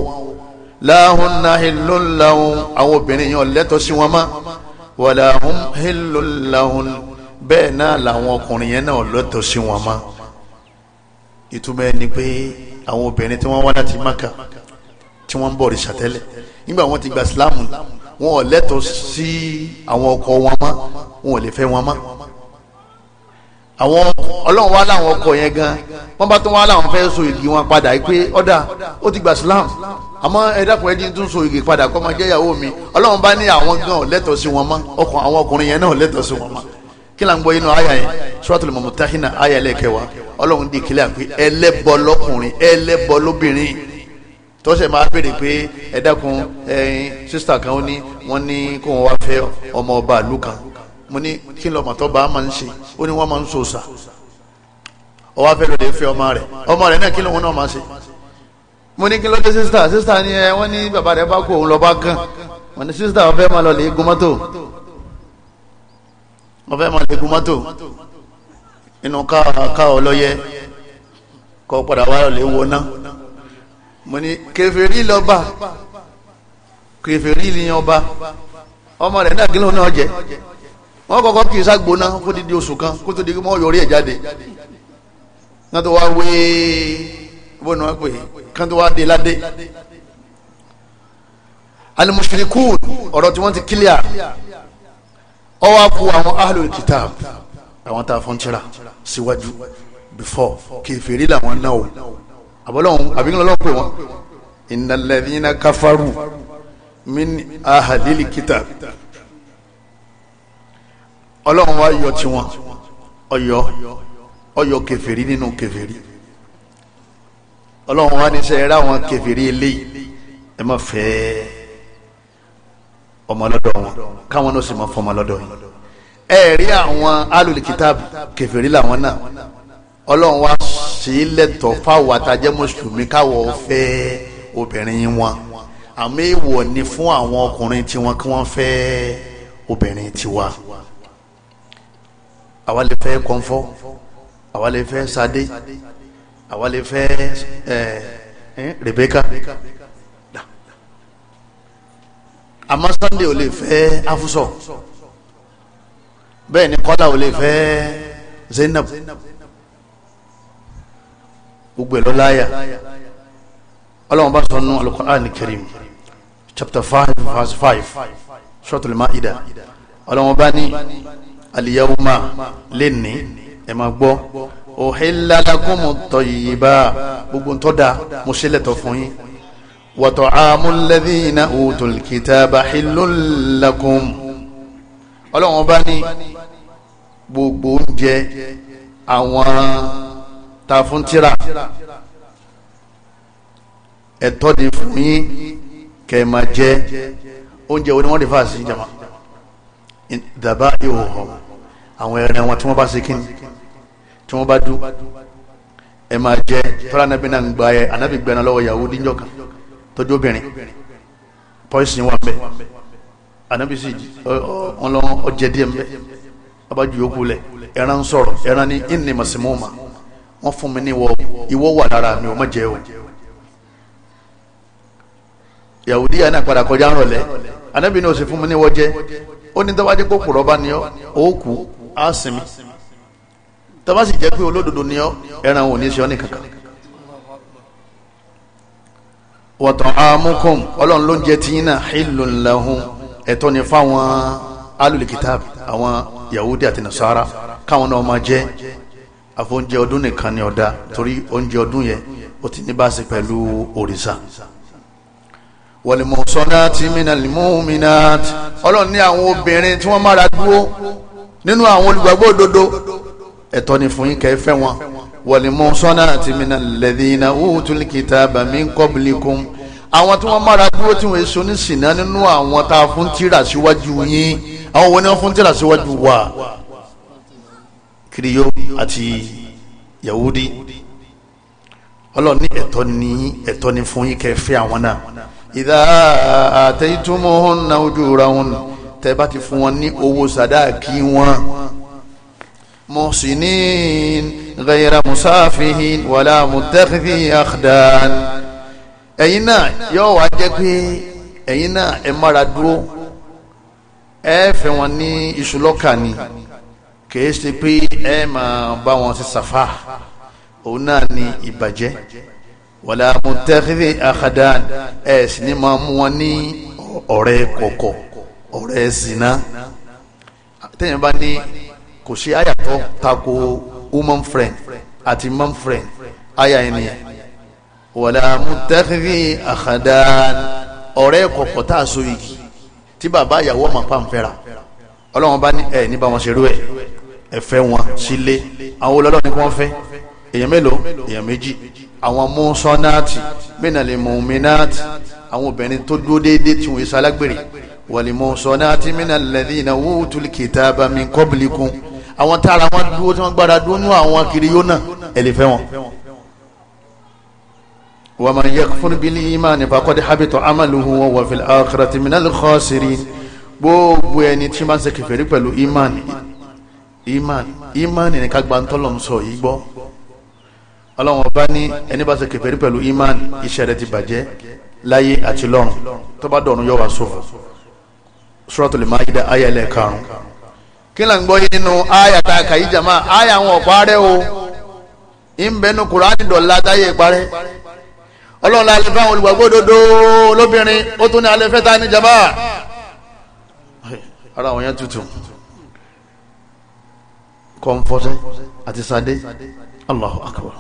lahunna hillun lahum àwọn obìnrin yẹn lẹ́tọ̀ọ́ sí wọn mọ́ wala hum hillun lahun bẹ́ẹ̀ náà làwọn ọkùnrin yẹn náà lẹ́tọ̀ọ́ sí wọn mọ́ ìtumọ̀ ẹni pé àwọn obìnrin tí wọ́n wá láti Mákà tí wọ́n ń bọ̀ òrìṣà tẹ́lẹ̀ nígbà wọ́n ti gba síláàmù wọn ò lẹ́tọ̀ọ́ sí àwọn ọkọ wọn mọ́ wọn ò lè fẹ́ wọn mọ́ àwọn ọlọ́run wá láwọn ọkọ yẹn gan wọ́n bá tún wá láwọn fẹ́ so igi wọn padà pé ọ̀dà ó ti gba islam àmọ́ ẹ dákun ẹ jí tún so igi padà kọ́ máa jẹ́ ìyàwó mi ọlọ́run bá ní àwọn gan ò lẹ́tọ̀ọ́ sí wọn mọ́ àwọn ọkùnrin yẹn náà ò lẹ́tọ̀ọ́ sí wọn mọ́ kí là ń gbọ́ inú àyà yẹn suratul mumtahina àyà ẹlẹ́kẹwàá ọlọ́run dì kílẹ̀ pé ẹlẹ́bọ lọ́kùnrin ẹlẹ́bọ lóbìnrin tó ṣe máa béèrè pé ẹ dákun ẹyin sísítà kan ó ní wọ́n ní kó wọn wá fẹ́ ọmọ ọba ìlú kan mo ní kí n lọ mọ̀tọ́ bá a máa ń ṣe ó ní wọ́n máa ń so sà ọ wá fẹ́ lóde fẹ́ ọmọ rẹ̀ ọmọ rẹ̀ náà kí lóun náà máa ṣe mo ní kí ló dé sísítà sísítà ni ẹ wọ́n ní bàbá rẹ̀ bá kó òun lọ bá gàn wọ́n ní sísítà ó fẹ́ máa lọ lè gun mọ́tò ó máa lè gun mọ́tò inú ká ká ọ lọ yẹ kọ́ padà wá lọ lè wọ náà mo ní kèfèrí lọ́ba kèfèrí ni ọba ọmọ rẹ̀ náà kí lóun náà jẹ́ wọ́n kọ́kọ́ kì í ságbóná kó ti di oṣù kan kó tó di kí wọ́n yọrí ẹ̀ jáde kan tó wá wé bóun wá pè kan tó wá dé ládé alimusirikun ọ̀rọ̀ tí wọ́n ti kílíà ọ wá ku àwọn ahlul kitab àwọn tá a fọ́n tira síwájú before kèfèrí làwọn náà o àbọ̀lọ́hún àbíkínlẹ̀ ọlọ́run pè wọ́n innal ladhina kafaru min ahlil kitab ọlọ́run wa yọ tiwọn ọyọ ọyọ kèfèrí nínú kèfèrí ọlọ́run wa ní sẹ́ ẹ̀rá àwọn kèfèrí eléyìí ẹ má fẹ́ ọmọ lọ́dọ̀ wọn káwọn náà sì má fọmọ lọ́dọ̀ yìí ẹ rí àwọn alùlù kìtàbù kèfèrí làwọn náà ọlọ́run wa ṣe é lẹ́tọ̀ fáwọn àtàjẹ́ mùsùlùmí káwọ̀ fẹ́ obìnrin wọn àmọ́ èèwọ̀ ni fún àwọn ọkùnrin tiwọn kí wọ́n fẹ́ obìnrin tiwa àwa lè fẹ́ kọ́ńfọ́ àwa lè fẹ́ sadé àwa lè fẹ́ Rebeka àmọ́ Sunday ò lè fẹ́ afusọ bẹ́ẹ̀ ni Kọ́lá ò lè fẹ́ Zainab. Zainab gbogbo ẹ̀ lọ́láyà ọlọ́run bá sọ nù al chapter five verse five suratul ida. ọlọ́run bá ní al-yawma lẹ́ni ẹ̀ máa gbọ́ uhilla lakumut tayyiba gbogbo ntọ́da mo ṣe lẹ́tọ̀ fún yín wa ta'amul ladhina utul kitaba hillun lakum ọlọ́run bá ní gbogbo oúnjẹ àwọn ta fún tírà ẹ̀tọ́ ni fún yín kẹ́ máa jẹ oúnjẹ wo ni wọ́n lè fà sí jama dàbá ihò hàn àwọn ẹran wọn tí wọ́n bá ṣe kíni tí wọ́n bá dú ẹ máa jẹ tọ́lá anábì náà ń gba ẹ anábì gbẹ̀rẹ̀ lọ́wọ́ Yahudi níjọ́ kan tọ́jú obìnrin pọ́ìsì wà mbẹ anábì sì ọlọ́run ọjẹ díẹ̀ mbẹ abájú yòókù lẹ̀ ẹran sọ̀rọ̀ ẹran ní ìnìmọ̀símọ́ọ̀mà wọ́n fún mi ní ìwọ ìwọ wà lára mi ò mọ̀ jẹ́ o yahudi yẹn náà padà kọjá rọlẹ́ anábì náà ò sì fún mi ní ìwọ jẹ́ ó ní tọ́wájú pé kò rọ́bà ni ọ́ òkú á sinmi tọ́wá sì jẹ́ pé olódodo ni ọ́ ẹran ò ní í ṣe ọ́ nìkankan wọ̀tàn àmúkùn ọlọ́run ló ń jẹ tí náà hìlùn lahun ẹ̀tọ́ ni fáwọn alùlìkítàbì àwọn yahudi àti nasara káwọn náà máa jẹ́ àfóúnjẹ ọdún nìkan ni ọ̀dá torí oúnjẹ ọdún yẹn ó ti ní bá ṣe pẹ̀lú òrìṣà wọlìmọ̀sọ́nàtì mìnàlìmọ́mìnàtì ọlọ́run ní àwọn obìnrin tí wọ́n mára dúró nínú àwọn olùgbàgbọ́ òdodo ẹ̀tọ́ ni fún yín kẹ́ fẹ́ wọn wọlìmọ̀sọ́nàtì mìnàlẹ́dínà òótúlì kìtàbà mí kọ́bìlìkùn àwọn tí wọ́n mára dúró tí wọ́n èso ní sìnà nínú àwọn tá a fún tírà síwájú yín àwọn wo ni wọ́n fún tírà síwájú wa kiriyó àti yahudi ọlọ́ọ̀ni ẹ̀tọ́ ni ẹ̀tọ́ ni fún yín kẹ́ fẹ́ àwọn náà ìdá àtẹ̀yìntúmọ̀húnna ujurahun tẹ́ bá ti fún wọn ní owó sàdáàkì wọn muhsinin ghayra musafihin wàlá mutakhidhi akhdan ẹ̀yin náà yóò wá jẹ́ pé ẹ̀yin náà ẹ̀ mára dúró ẹ̀ fẹ́ wọn ní iṣu ni kìí ṣe pé ẹ máa bá wọn ṣe ṣàfà òun náà ni ìbàjẹ́ wàlá mùtẹ́kìrì àkàdán ẹ̀ sì ni máa mú wọn ní ọ̀rẹ́ kọ̀kọ̀ ọ̀rẹ́ zina tẹ́yìn bá ní kò ṣe àyàtọ̀ tako woman friend àti man friend àyà ẹni wàlá mùtẹ́kìrì àkàdán ọ̀rẹ́ kọ̀kọ̀ tá a so igi tí bàbá ìyàwó ọmọ pàǹfẹ́ra ọlọ́run bá ní ẹ̀ ní bá wọn ṣerú ẹ̀ ẹ̀fẹ́ wọn sílé àwọn olólọ́ ni wọ́n fẹ́ èèyàn mélòó èèyàn méjì àwọn mùsọ̀nàtì mínàlè mùmínàtì àwọn obìnrin tó dúró déédéé tí wọ́n ṣalágbèrè wàlè mùsọ̀nàtì mínàlè dínà wútùl kìtàbà min qablikum àwọn tára wọn dúró tí wọ́n gbára dúró nú àwọn kiri yóò náà ẹ̀ lè fẹ́ wọn wa man yakfur bil iman faqad habita amaluhu wa huwa fil akhirati minal khasirin gbogbo ẹni tí ma ń ṣe kèfèrí pẹ̀lú imani iman iman ni ka gba ntọlọm sọ yìí gbọ́ ọba ní ẹni bá ṣe kèfèrí iman ti bàjẹ́ láyé àti lọ́run tó bá dọ̀run yọ̀ wá sófò Suratul Maida ayé ẹlẹ́ kí là ń gbọ́ yìí nínú ayà àwọn ọ̀pá rẹ̀ o ìbẹ́nu Kùránì dọ̀la táyé parẹ́ ọlọ́run la lè lóbìnrin ó tún ní alẹ́ fẹ́ ta ara àwọn yẹn kọ́ńfọ́sẹ́ àti sadé Allahu akbar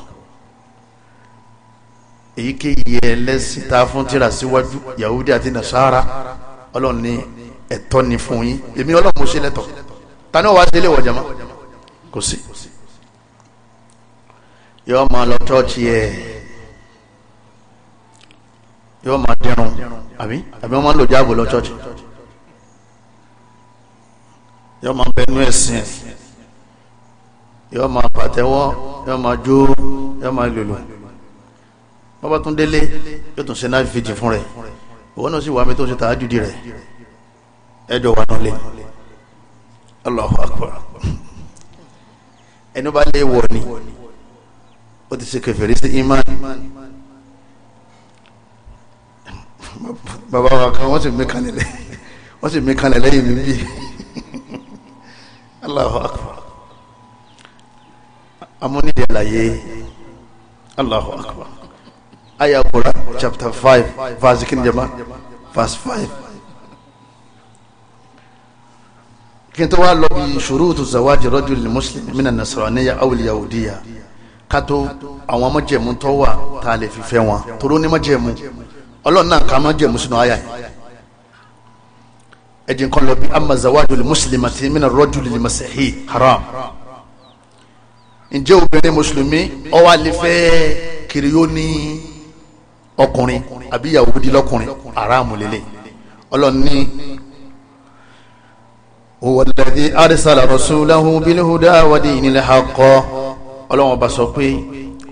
èyíkéyìí ẹlẹ́sìn tá a fún tíra síwájú Yahudi àti Nasara ọlọ́run ní ẹ̀tọ́ ni fún yín èmi ọlọ́run mo ṣe lẹ́tọ̀ ta ni ó wá sí ilé kò sí yóò máa lọ tọ́ọ̀tì ẹ̀ yóò máa dẹrùn àbí àbí wọ́n máa ń jáàbò lọ tọ́ọ̀tì yóò máa bẹnu ẹ̀sìn ẹ̀sìn yọ máa pàtẹ́wọ́ yọ máa jó yọ máa lòlò bàbá tún délé yóò tún ṣe náà fìdí fún rẹ̀ òun náà sì wà mí tó ṣe tàájúdì rẹ̀ ẹjọ́ wà nílé Allahu Akbar ẹni bá lè wọ̀ ni ó ti ṣe kèfèrí sí imán bàbá wa kan wọ́n sì mí kanlẹ̀ lẹ́yìn mi bí Allahu Akbar amúnídìí àlàyé Allahu Akbar aya kura chapter five verse kini jama verse five kí n tó wá lọ bí shurutu zawaji rajul muslim mina nasaraniya awul yahudiya kátó àwọn májẹ̀mú tó wà tá a lè fi fẹ́ wọn toró ní májẹ̀mú ọlọ́run náà ká májẹ̀mú sínú àyà ẹ̀jẹ̀ kan lọ bí ama zawajul muslimati mina rajul masih haram. haram ǹjẹ́ obìnrin mùsùlùmí ó wá lè fẹ́ kìrìyó ní ọkùnrin àbí ìyàwó di lọ́kùnrin aráàmù lélẹ̀ ọlọ́ni wàlẹ́dí arísàlà rọ̀ṣúláhùn bílíhùdá wàdí ìnílẹ̀ àkọ́ ọlọ́wọ́n bá sọ pé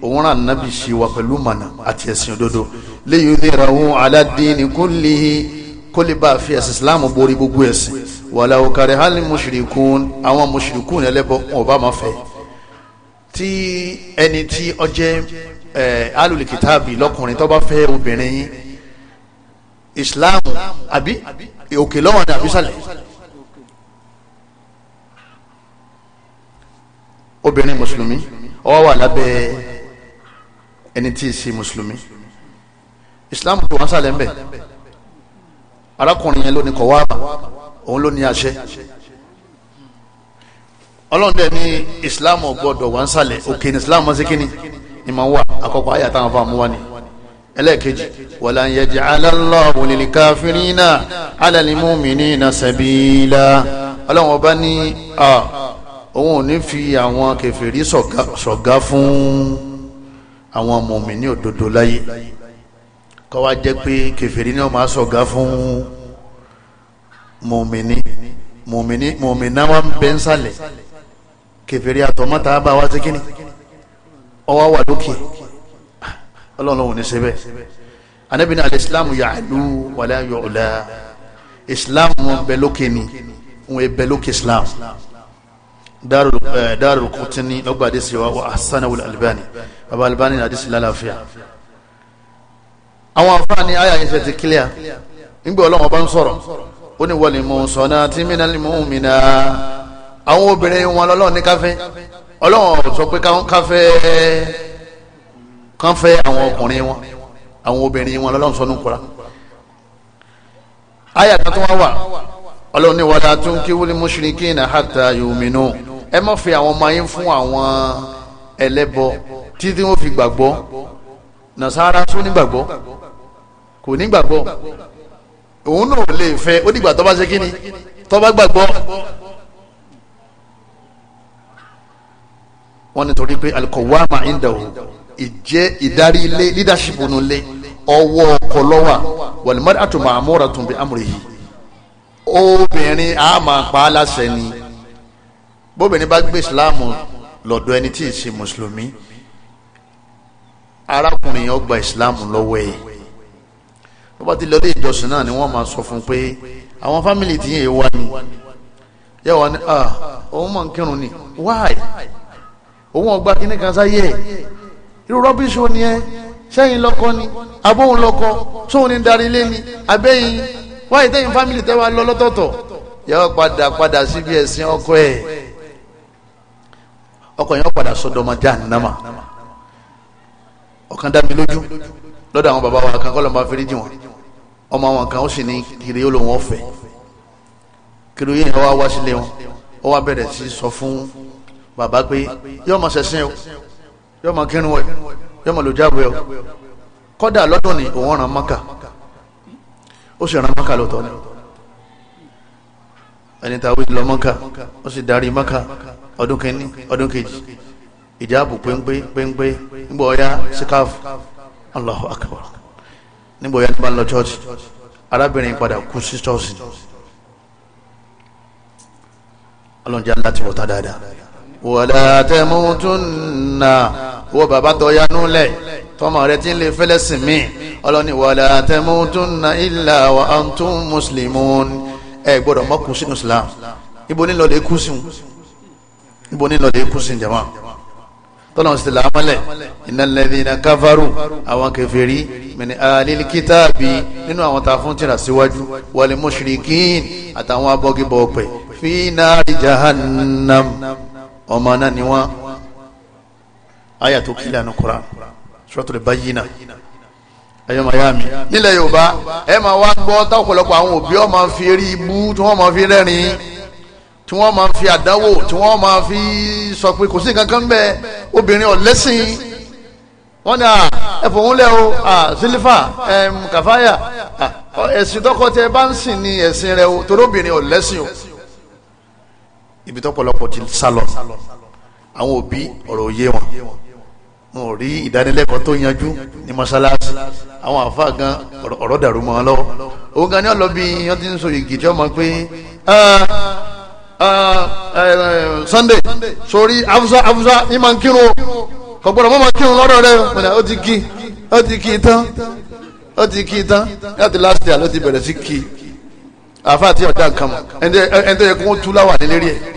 òun ràn nábì sí wa pẹ̀lú mànà àti ẹ̀sìn òdodo léyìí ó dé ra òun aládìní kó lè kó lè fi ẹ̀sìn islámù borí gbogbo ẹ̀sìn wàlẹ́ òkàrẹ̀ hálì mùsùlùkùn àwọn mùsùlùkùn ẹlẹ́bọ̀ wọn ò bá máa tí ẹni tí ó jẹ́ ẹ alùlùkìtàbì lọ́kùnrin tó bá fẹ́ obìnrin yín islam àbí òkè lọ́wọ́ ni àbísàlẹ̀ obìnrin mùsùlùmí ó wà lábẹ́ ẹni tí ì sí mùsùlùmí islam tó wọ́n sàlẹ̀ ń bẹ̀ arákùnrin yẹn ló ní kọ̀wá àbà òun ló ní àṣẹ ọlọ́run dẹ̀ islam gbọ́dọ̀ wà ń sàlẹ̀ òkè ní islam ṣe kíni ni màá wà àkọ́kọ́ àyà táwọn fáwọn mú wá ni ẹlẹ́ẹ̀kejì wàlá ń yẹjẹ alálọ́ọ̀bù lil kafirina ala lil mu'minina sabila ọlọ́run ọba ní òun ò ní fi àwọn kèfèrí ṣọ̀gá fún àwọn mùmínì òdodo láyé kọ́ wá jẹ́ pé kèfèrí ni wọ́n máa ṣọ̀gá fún mùmínì mùmínì mùmínà wọn bẹ́ ń sàlẹ̀ kèfèrí àtọ̀mọ́ta bá wá sí kíní ọwọ́ wà lókè ọlọ́run ní ṣe bẹ́ẹ̀ Ànábì ní alìsílámù ya'lu wala yu'la ìsìlámù wọn bẹ lókè ni wọn bẹ lókè ìsìlámù Darul Qutni lọ́gbà àdìsí wa wa hasanahu Albani baba Albani ní àdìsí lálàáfíà àwọn afáàní àyà yìí ṣe ti kílíà nígbà ọlọ́run ọba ń sọ̀rọ̀ ó ní wal muhsanati minal mu'minat àwọn obìnrin wọn lọ́lọ́run ní káfẹ́ ọlọ́run sọ pé káfẹ́ káfẹ́ àwọn ọkùnrin wọn àwọn obìnrin wọn lọ́lọ́run sọ nùkúra àyà kan tó wá wà ọlọ́run ní wàlá tún kí wúlí mushrikina hatta yu'minu ẹ má fi àwọn ọmọ yín fún àwọn ẹlẹ́bọ títí wọ́n fi gbàgbọ́ nasara tún nígbàgbọ́ kò nígbàgbọ́ òun náà lè fẹ́ ó dìgbà tó bá ṣe kí ni tó bá gbàgbọ́ wọ́n ní torí pé alikọ̀wáàmà ìdáwó ìjẹ́ ìdarí ilé leadership nù lé ọwọ́ ọkọ lọ́wà wàlúmọ́dé àtùmọ̀ àmúra tùnbí àmúrè yìí obìnrin a máa pa á láṣẹ ni bóbìnrin bá gbé ìsìláàmù lọ́dọ̀ ẹni tí ì ṣe mùsùlùmí arákùnrin yẹn ó gba ìsìláàmù lọ́wọ́ ti lọ ilé ìjọsìn náà ni wọ́n máa sọ fún un pé àwọn fámìlì tìyẹn wá ni yẹ wá ni ah òun máa ń ni why. why? òun ọgbà kíní kan sáyé ẹ̀ irú rọ́bìṣì ò ní ẹ sẹ́yìn lọ́kọ ni abóhun lọ́kọ sóhun ní darí ilé ni abẹ́yìn wáyé tẹ́yìn fámìlì tẹ́wà lọ lọ́tọ̀ọ̀tọ̀ yọ padà padà síbi ẹ̀sìn ọkọ ẹ̀ ọkọ yẹn padà sọdọmọ jahannama ọkàn dá mi lójú lọ́dọ̀ àwọn bàbá wa kan kọ́ máa fẹ́rí jì ọmọ àwọn kan ó sì ní kiri ó lòun ọ̀fẹ́ kiri yẹn wá wá sílé wọn ó wá bẹ̀rẹ̀ sí sọ fún bàbá pé yóò máa ṣẹ̀sìn o yóò máa kírun o yóò máa lòjáàbò o kọ́dà lọ́dún ni òun ràn mọ́kà ó sì ràn mọ́kà lọ́tọ̀ ni ẹni tàwí lọ mọ́kà ó sì darí mọ́kà ọdún kẹni ọdún kejì ìjáàbù péńpé péńpé nígbà ọ̀yá síkáàfù Allahu akbar nígbà ọ̀yá nígbà lọ chọ́ọ̀chì arábìnrin padà kú sí chọ́ọ̀chì ọlọ́njẹ́ láti wọ̀ta dáadáa wala tamutunna wo bàbá tó yanú lẹ̀ tọmọ rẹ ti ń lè fẹ́lẹ́ sìn mí ọlọ́ni wala tamutunna illa wa antum muslimun ẹ gbọ́dọ̀ mọ́kùn sínú islam ibo ní lọ́lẹ̀ kú sí ibo ní lọ́lẹ̀ kú sí jama tọ́lọ̀ sí lámọ́lẹ̀ innal ladhina kafaru àwọn kèfèrí min alil kitabi nínú àwọn ta fún tìrà síwájú wal mushrikin àtàwọn abọ́gibọ̀ ọ̀pẹ̀ fi jahannam ọmọ náà ni wọ́n àyà tó kílẹ̀ àná Qur'an Suratul Bayyinah ẹ̀yọ́mọ̀ yá mi nílẹ̀ Yorùbá ẹ máa wá gbọ́ tọ́pọ̀lọpọ̀ àwọn òbí ọ̀ máa fi eré ibú tí wọ́n máa fi rẹ́rìn tí wọ́n máa fi àdánwò tí wọ́n máa fi sọ pé kò sí nǹkan kan obìnrin ọ̀lẹ́sìn wọ́n ní ẹ̀fọ́ òun lẹ́ o zilifa kàfáyà ẹ̀sìn tọkọ tẹ bá ń sìn ní ẹ̀sìn rẹ o torí obìnrin ọ̀lẹ́sìn o ibi tọ́pọ̀lọpọ̀ ti sálọ àwọn òbí ọ̀rọ̀ òye wọn wọn ò rí ìdánilẹ́kọ̀ọ́ tó yanjú ní mọ́sálásí àwọn àfáà gan ọ̀rọ̀ dàrú mọ́ ọ lọ́wọ́ òun gan ni ọ̀lọ́ bí wọ́n ti ń sọ ìgì tí wọ́n mọ̀ pé ah, ah, eh, eh, Sunday sori afusa afusa ní máa ń kírun kò gbọ́dọ̀ mọ́ máa kírun lọ́dọ̀ rẹ mọ̀nà ó ti kí ó ti kí tán ó ti kí tán láti last year ló ti bẹ̀rẹ̀ sí kí àfáà tí ọ̀dà nǹkan mọ̀ ẹni tó yẹ kó tú láwà nílérí ẹ̀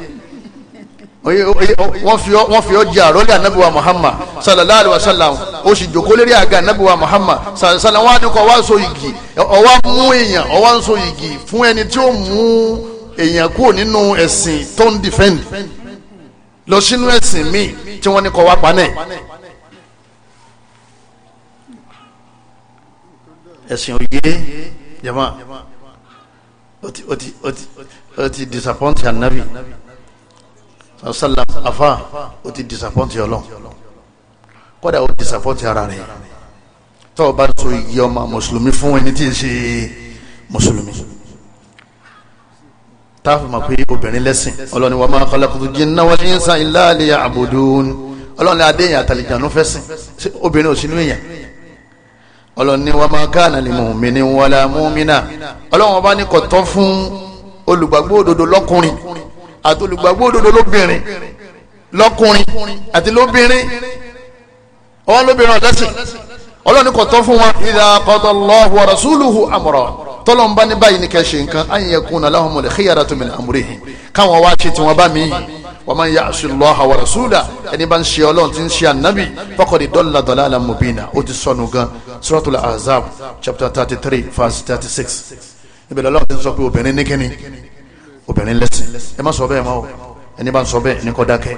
wọ́n fi ọjà àròlé anabiwa muhammad sallallahu alayhi wa sallam ó sì jòkó lérí àga anabiwa muhammad sallallahu alayhi wa sallam wọ́n á wá so igi ọwọ́ mú èèyàn ọwọ́ ń so igi fún ẹni tí ó mú èèyàn kúrò nínú ẹ̀sìn tó ń dìfẹ́ǹdì lọ sínú ẹ̀sìn míì tí wọ́n ní kọ́ wá panẹ́ ẹ̀sìn òye jama ó ti ó ti ó ti disappoint anabi sàlá afa o ti disapọ́ǹtì ọlọ́run kọ́dà o disapọ́ǹtì ara rẹ̀ tó o bá so ọmọ mùsùlùmí fún ẹni tí ì ṣe mùsùlùmí táàfù mọ̀ pé obìnrin lẹ́sìn ọlọ́ni wa ma khalaqtul jinna wal insa illa liya'budun ọlọ́ni adéyàn àtàlìjànú fẹ́sìn obìnrin ò sínú èèyàn ọlọ́ni wa ma kana lil mu'minin wala mu'mina ọlọ́run ọba ní kò fún olùgbàgbọ́ òdodo lọ́kùnrin àti olùgbàgbọ́ òdodo lóbìnrin lọ́kùnrin àti lóbìnrin ọwọ́n lóbìnrin ọ̀dẹ́sìn ọlọ́ni kò tọ́ fún wọn ìdá kọ́tọ́ lọ́hùn wa rasuluhu amọ̀rọ̀ tọ́lọ́n bá ní báyìí ní kẹ́ ṣe nǹkan an yakuna lahumul khiyaratu min amrihim káwọn wá ṣe tiwọn bá mi wa man ya'si Allaha wa rasulahu ẹni bá ń ṣe ọlọ́run ti ń ṣe ànábì faqad dalla dalalan mubina ó ti sọnù gan suratul azab chapter thirty three verse thirty six ibẹ̀ lọ́lọ́run ti sọ pé obìnrin ní kíni obìnrin lẹ́sìn ẹ má sọ bẹ́ẹ̀ mọ́ o ẹni bá ń sọ bẹ́ẹ̀ ní kọ́ dákẹ́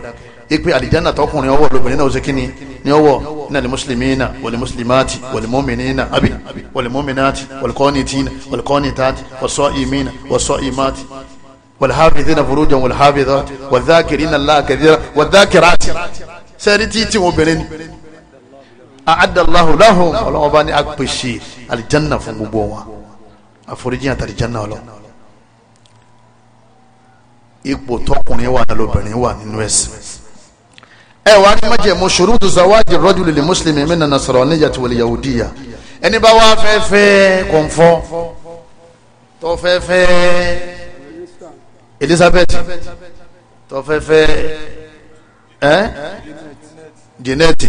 ipe àlìjáná tọkùnrin ọwọ́ lóbìnrin náà ó ṣe kí ni ní ọwọ́ iná ni mùsùlùmí náà wọlé mùsùlùmáàtì wọlé mọ́mìnì náà àbí wọlé mọ́mìnàtì wọlé kọ́nìtì náà wọlé kọ́nìtàtì wọ́sọ́ ìmí náà wọ́sọ́ ìmáàtì wọlé hábìtì náà fúrújà wọlé hábìtì wọlé dákìrì náà láàkìrì wọlé dákìrì sẹ́ẹ̀rì títí obìnrin ni àádọ́láhùn láhùn ọlọ́wọ́n bá ní àpèsè àlìjáná fún gbogbo wọn àforíjì àtàlìjáná ọlọ́wọ́ ipò tọkùnrin wà lóbìnrin wà nínú ẹ̀sìn ẹ wàá ní májẹ̀mú ṣòrútù zawaji rọ́júlì lè mùsùlùmí mí nana sọ̀rọ̀ níyà tí wòlé yahudiya ẹni bá wá fẹ́ fẹ́ kọ̀ǹfọ́ tó fẹ́ fẹ́ Elizabeth tó fẹ́ fẹ́ ẹ́ Janet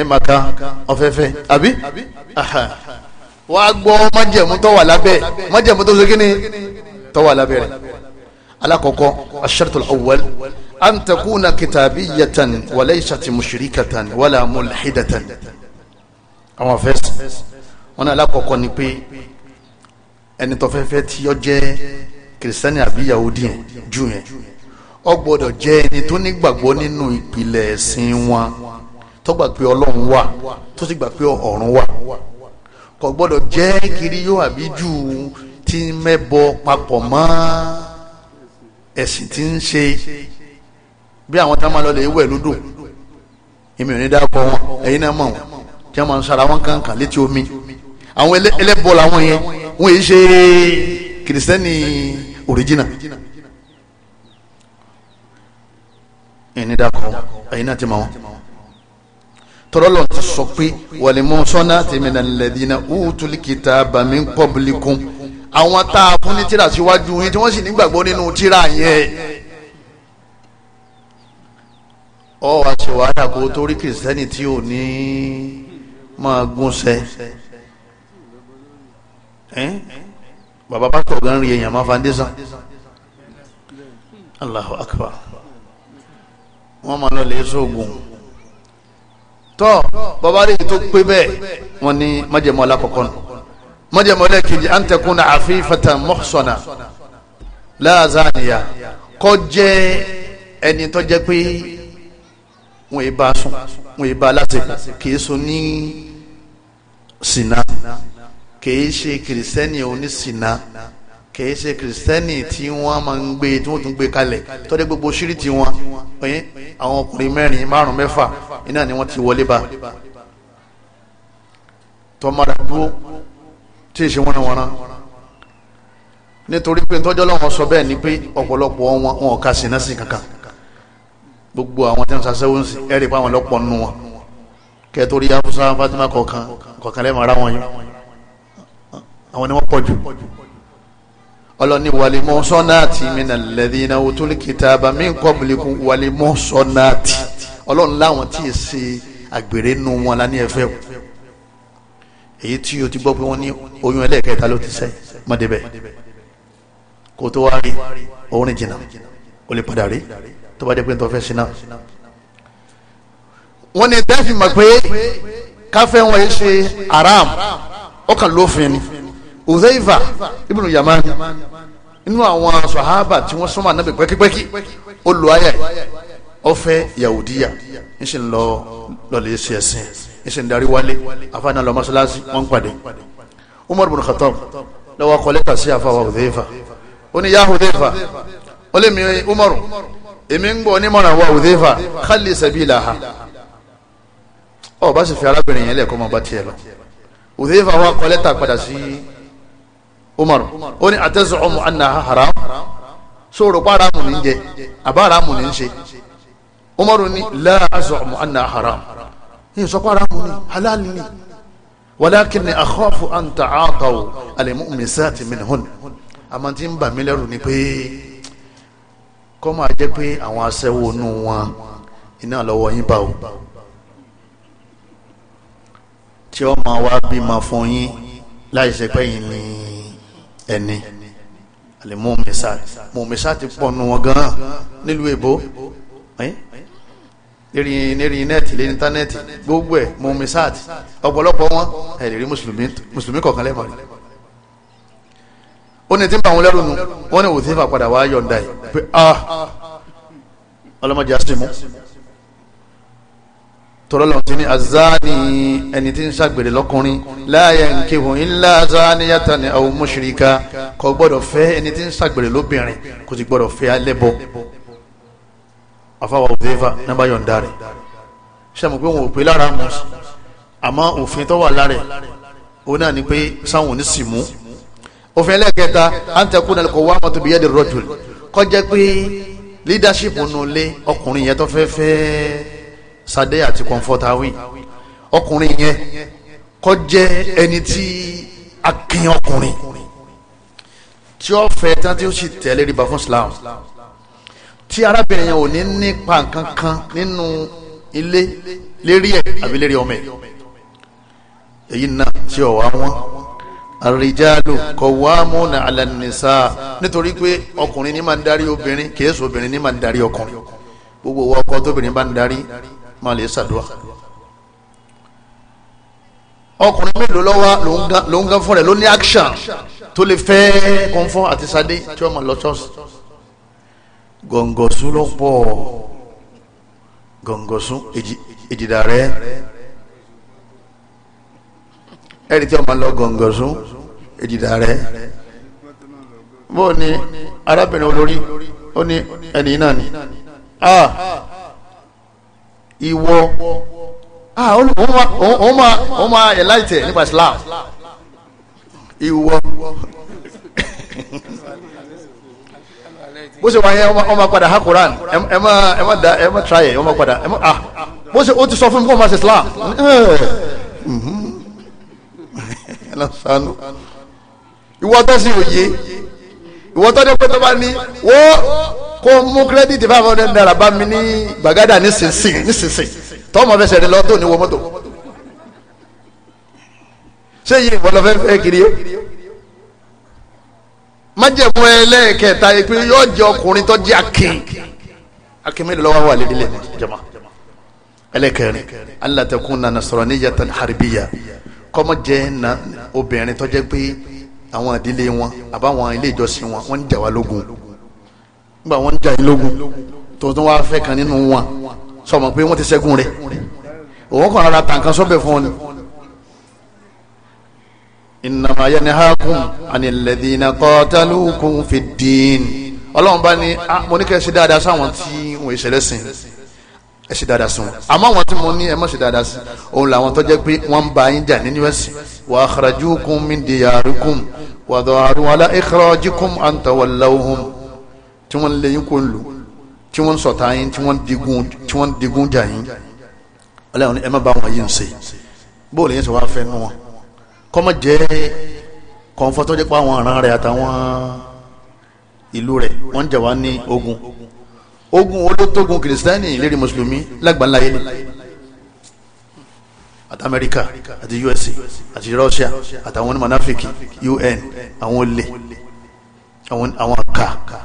emaka ọfẹfẹ àbí wàá gbọ́ májẹ̀mú tó wà lábẹ́ májẹ̀mú tó ṣe kí ni tọ́wọ́ alábẹ́rẹ́ alakoko asharitul awwal an takuna kitabiyatan walaysati mushrikatan wala mulhidatan àwọn fẹsẹ wọn ní alakoko ni pé ẹni tó fẹ́ fẹ́ tí ó jẹ́ kìrìsìtẹ́nì àbí yahudi yẹn jù yẹn ó gbọ́dọ̀ jẹ́ ẹni tó nígbàgbọ́ nínú ìpìlẹ̀ ẹ̀sìn wọn tó gbà pé ọlọ́run wà tó sì gbà pé ọ̀run wà kò gbọ́dọ̀ jẹ́ kiri yóò àbí jù tí ń mẹ́bọ papọ̀ mọ́ ẹ̀sìn tí ń ṣe bí àwọn tá a máa lọ lè wẹ̀ lódò èmi ò ní dákọ wọn ẹ̀yin náà mọ̀ wọn tí wọ́n máa ń sara wọn kankan létí omi àwọn ẹlẹ́bọ làwọn yẹn wọ́n yìí ṣe kìrìsìtẹ́nì òrìjìnà ẹni dákọ ẹ̀yin náà ti mọ̀ wọn tọ́lọ́lọ́ ti sọ pé wàlímọ́ sọ́nà tèmi nà lẹ́dínà ó kìtà bàmí kọ́bìlì kún àwọn tá a fún ní tíra síwájú yín tí wọ́n sì nígbàgbọ́ nínú tíra yẹn ọ wá ṣe wàhálà kó torí kìrìsìtẹ́nì tí ò ní máa gúnṣẹ́ bàbá pásítọ̀ gan rí èèyàn máa fàndésàn Allahu akbar wọ́n máa lọ lè sóògùn tọ́ bàbá rèé tó pé bẹ́ẹ̀ wọ́n ní májèmọ́ alákọ̀ọ́kọ́ nù mọ́jẹ̀mọ́ lẹ́kejì à ń tẹ̀kún náà àfífẹ́tà mọ́sọ̀nà láàzánìyà kọ́ jẹ́ ẹni tó jẹ́ pé wọ́n yìí bá sùn wọ́n yìí bá lásìkò kìí sùn ní sìnà kìí ṣe kìrìsẹ́nì onísìnà kìí ṣe kìrìsìtẹ́nì tí wọ́n máa ń gbé tí wọ́n tún gbé kalẹ̀ tọ́jú gbogbo ṣíríìtì wọn ẹ̀yìn àwọn ọkùnrin mẹ́rin márùn mẹ́fà iná ni wọ́n ti wọlé bá tọ́mọ́ra tí èsì wọn wọn nítorí pé tọ́jọ́ lọ́wọ́ sọ bẹ́ẹ̀ ni pé ọ̀pọ̀lọpọ̀ wọn wọn kà sí náà sí kankan gbogbo àwọn tí wọn sá sẹ́wọ́n sí ẹ̀rí pa àwọn lọ́pọ̀ nù wọn kẹtòrí afusa Fatima kọ̀ọ̀kan kọ̀ọ̀kan lẹ́mọ̀ ara wọn yìí àwọn ni wọ́n pọ̀ jù ọlọ́ni wàlímọ́ sọ́nàtì minal ladhina utul kitaba min qablikum wàlímọ́ sọ́nàtì ọlọ́run láwọn tí ì ṣe àgbèrè nù wọn lá ní ẹ̀fẹ́ wọn èyí tí o ti gbọ́ pé wọ́n ní oyún ẹlẹ́ẹ̀kẹta ló ti sẹ́ mọ́débẹ̀ kó tó wá rí orin jìnnà o lè padà rí tó bá jẹ́ pé n tó fẹ́ sí náà. wọ́n ní tẹ́fì mọ̀ pé káfẹ́ wọn yìí ṣe haram ọkàn lófin ni Uzaifa ibnu Yaman nínú àwọn sàhábà tí wọ́n súnmọ́ ànábì pẹ́kípẹ́kí ó lo ayẹ ọfẹ́ yahudiya ń ṣe lọ lọ́lẹ́ ṣe ẹ̀sìn ẹsẹ̀ ń darí wálé afáàná lọ mọ́ṣáláṣí wọ́n ń pàdé Umar bin Khattab lọ́wọ́ kọ́lẹ́tà sí afáwà Hudhaifa ó ní yá Hudhaifa ó lè mi Umar èmi ń gbọ́ onímọ̀ràn wa Hudhaifa khalli sabilaha ọ bá sì fi arábìnrin yẹn lẹ́ẹ̀kọ́ máa bá tiẹ̀ lọ Hudhaifa wa kọ́lẹ́tà padà sí Umar ó ní atazumu annaha haram sóòrò pa haramu ní jẹ àbá haramu ní ṣe Umar ní la azumu annaha haram ní ìsọpọ̀ ara mu ni halal ni walakin ni akhafu an ta'ataw al-mu'minati minhun àmọ́ tí ń bà mí lẹ́rù ni pé kọ́ máa jẹ́ pé àwọn aṣẹ́wó inú wọn iná lọ́wọ́ yín bá o tí ó máa wá bímọ fún yín láì ṣe pé yín ní ẹni al-mu'minati mu'minati ti pọ̀ nù wọn gan-an nílùú èbó lérí lérí nẹ́ẹ̀tì lérí íńtánẹ́ẹ̀tì gbogbo ẹ̀ mọ̀mí sáàtì ọ̀pọ̀lọpọ̀ wọn ẹ̀ lè rí mùsùlùmí kọ̀ọ̀kan lẹ́ẹ̀mọ̀ rí. ó ní tí ń bá àwọn lẹ́rù nu wọ́n ní òtífà padà wá yọ̀ǹda ẹ̀ pé ah ọlọ́mọdé àṣìmú tọ́lọ́ lọ́n ti ní azani ẹni tí ń ṣàgbèrè lọ́kùnrin láàyè nkehùn ńlá azani yàtà ni àwọn mùṣírika kò gbọ́dọ̀ fẹ́ ẹni tí ń ṣàgbèrè lóbìnrin kò sì gbọ́dọ̀ fẹ́ alẹ́bọ afáwà òdèfà nígbà yọ̀ǹda rẹ̀ sẹ́mu pé wọn ò pé lára mọ́ àmọ́ òfin tó wà lára ẹ̀ òun náà ni pé sáwọn ní sì mú òfin ẹlẹ́kẹta à ń tẹkùn náà kò wá mọ́tò bíi yẹ́dì rọ́jùl kọjá pé leadership nulẹ̀ ọkùnrin yẹn tó fẹ́ fẹ́ sadé àti kọ́ńfọ́tàwì ọkùnrin yẹn kọjá ẹni tí akin ọkùnrin tí ó fẹ́ tí ó sì tẹ̀lé rìbá fún Islam. Islam tí arábìnrin yẹn ò ní nípa nǹkan kan nínú ilé lérí ẹ̀ àbí lérí ọmọ ẹ̀ èyí náà tí ọ̀wá wọn àrìjálù kọ̀wámúnà àlànìsá nítorí pé ọkùnrin ní máa ń darí obìnrin kìíṣe obìnrin ní máa ń darí ọkùnrin gbogbo owó ọkọ tóbìnrin bá ń darí máa lè ṣàdúrà ọkùnrin mélòó lọ́wọ́ ló ń gán fún rẹ̀ ló ní action tó lè fẹ́ kọ́ńfọ́n àti sadé tí wọ́n máa lọ ṣọ́ọ̀ṣì gọ̀ǹgọ̀sún ló pọ̀ gọ̀ǹgọ̀sún èjìdà rẹ̀ ẹ̀rí tí ọmọ lọ gọ̀ǹgọ̀sún èjìdà rẹ̀ bó ni arábìnrin olórí ó ní ẹni náà ni ah ìwọ ah ó máa ẹ̀ láìtẹ̀ nípa Islam ìwọ. <laughs> bó ṣe wà yẹn ọmọ padà ha koran ẹ má ẹ má da ẹ try, tra yẹ ọmọ padà ẹ má ah bó ṣe ó ti sọ fún mi kó o ma ṣe islam ẹlọsànù mm-hmm. <laughs> ìwọ tó sì òye ìwọ tó dé pé tó bá ní wọ́n kó mú kírẹ́dìtì five hundred naira bá mi ní gbàgádà nísinsìn nísinsìn tọ́mọ fẹsẹ̀ rẹ lọ́tò ní wọ́n mọ́tò ṣé yìí ìwọ lọ fẹ́ kiri yó májẹ̀mú ẹlẹ́ẹ̀kẹta yìí pé yóò jẹ ọkùnrin tó jẹ́ akin akin mi lọ́wọ́ wà lédílé ní jama ẹlẹ́kẹrin Allah takuna nasraniyatan harbiya kọ́mọ jẹ́ na obìnrin tó jẹ́ pé àwọn ìdílé wọn àbáwọn ilé ìjọsìn wọn wọ́n ń jà wá lógun nígbà wọ́n ń jà yín lógun tuntun wá fẹ́ kan nínú wọn sọ ma pé wọ́n ti ṣẹ́gun rẹ̀ òun kàn rárá tàǹkan sọ́bẹ̀ fún ọ ni innama yanhakum anil ladhina qatalukum fid din ọlọ́run bá ní ah, mo ní kẹ́ ẹ ṣe dáadáa sáwọn tí wọ́n ìṣẹ̀lẹ̀ sìn ẹ ṣe dáadáa sí wọn àmọ́ àwọn tí mo ní ẹ má ṣe dáadáa sí òun làwọn tó jẹ́ pé wọ́n ń ba yín jà nínú ẹ̀sìn wa akhrajukum min diyarikum wa dhaharu ala ikhrajikum an tawallawhum tí wọ́n lé yín kó ń lò tí wọ́n ń yín tí wọ́n digun tí wọ́n digun jà yín ọlọ́run ẹ má bá wọn yín ṣe bóòlù yín sọ wá fẹ́ nu wọn kọ́mọ jẹ́ kọ́nfọ́tọ́ jẹ́ pé àwọn ọ̀ràn rẹ̀ àtàwọn ìlú rẹ̀ wọ́n ń jà wá ní ogun ogun olótógun kìrìsìtẹ́nì lérí mùsùlùmí lágbàlá yé ni àti amẹ́ríkà àti usa àti russia àtàwọn onímọ̀náfíkì un àwọn olè àwọn àka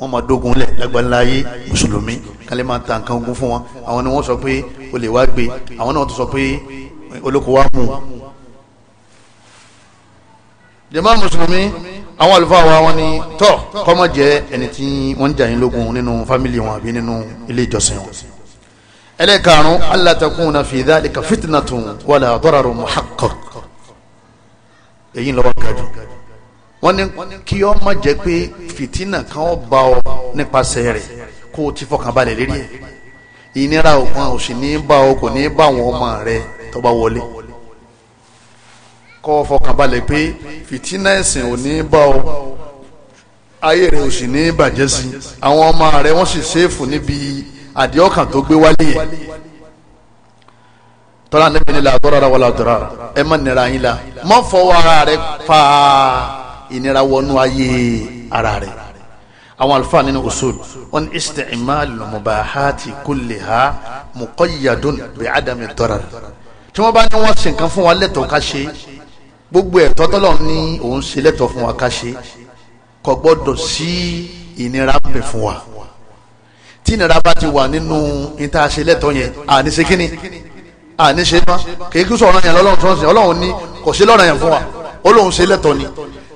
wọ́n máa dógun lẹ̀ lágbàlá yé mùsùlùmí kálí máa ta nǹkan ogun fún wọn àwọn ni wọ́n sọ pé olè wá gbé àwọn náà tó sọ pé olóko wá mú un jàmá mùsùlùmí àwọn àlùfáà wa wọn ni tọ́ kọ́mọ jẹ́ ẹni tí wọ́n jà yín lógun nínú fámìlì wọn àbí nínú ilé ìjọsìn wọn ẹlẹ́karùn alla takuna fi dhalika fitnatun wala dararun muhaqqaq èyí lọ́wọ́ kájú wọ́n ní kí ọ má jẹ́ pé fìtínà kan ó bá ọ nípasẹ̀ rẹ̀ kó o ti fọkàn balẹ̀ lérí ẹ̀ ìnira òkan ò ní bá ọ kò ní bá àwọn ọmọ rẹ tó bá wọlé kọ́ fọkànbalẹ̀ pé fìtínà ẹ̀sìn ò ní bá ọ ayé rẹ̀ ò sì ní bàjẹ́ sí àwọn ọmọ rẹ̀ wọ́n sì ṣèfù níbi àdéhọ́kàn tó gbé wálé yẹ tọ́lá níbi nílà àtọ́rọ̀ ara wọlé àtọ́rọ̀ ara ẹ má nira yín la má fọwọ́ ara rẹ̀ fa ìnira wọnú ayé ara rẹ̀ àwọn àlùfáà nínú usul wọn isti'mal mubahati kulliha muqayyadun bi adami darar tí wọ́n bá ní wọ́n ṣe fún wa lẹ́tọ̀ọ́ ká ṣe gbogbo ẹ̀tọ́ tọ́lọ̀ ní òun ṣe lẹ́tọ̀ fún wa ká ṣe kò gbọ́dọ̀ sí ìnira pè fún wa tí ìnira bá ti wà nínú níta ṣe lẹ́tọ̀ yẹn àní ṣe kíni àní ṣe má kìí kí sọ̀rọ̀ yẹn lọ́lọ́run tó ń sìn ọlọ́run ní kò ṣe lọ́rọ̀ yẹn fún wa ó lóun ṣe lẹ́tọ̀ ni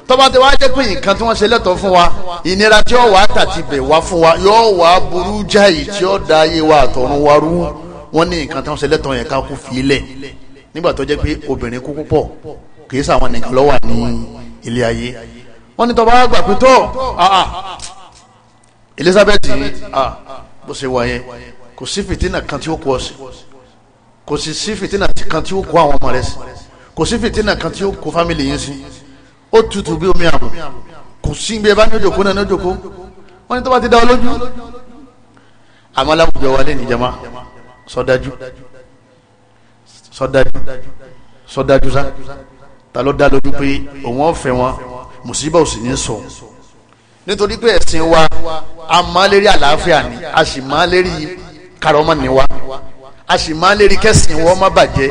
tọ́ba tí wàá jẹ́ pé nǹkan tí wọ́n ṣe lẹ́tọ̀ fún wa ìnira tí ó wà á tàti bẹ̀ wá fún wa yóò wà á burú jáì tí ó da ayé wa àtọ̀run wa rú wọ́n ní nǹkan tí wọ́n ṣe lẹ́tọ̀ yẹn ká kú fi ilẹ̀ nígbà tó jẹ́ pé obìnrin kú púpọ̀ kì í nìkan ló wà ní ilé ayé wọ́n ní tọba àgbà pé tó ah, ah, Elizabeth ah, bó ṣe wáyé kò sí fìtínà kan tí ó kó ọ sí kò sì sí fìtínà kan tí ó kó àwọn ọmọ rẹ sí kò sí fìtínà kan tí ó kó fámìlì yín sí ó tutù bí omi àbò kò sí bí bá ní òjòkó náà ní òjòkó wọ́n ní tọba ti dá ọ lójú àmọ́ aláwùjọ wa lè níjàmá sọdájú sọdájú sọdájú sá ta ló dá lójú pé òun ọ̀fẹ́ wọn mùsíbà ò sì ní sọ nítorí pé ẹ̀sìn wa a máa lérí àlàáfíà ni a sì máa lérí karọ́mà ni wa a sì máa lérí kẹ́sìn wọn má bàjẹ́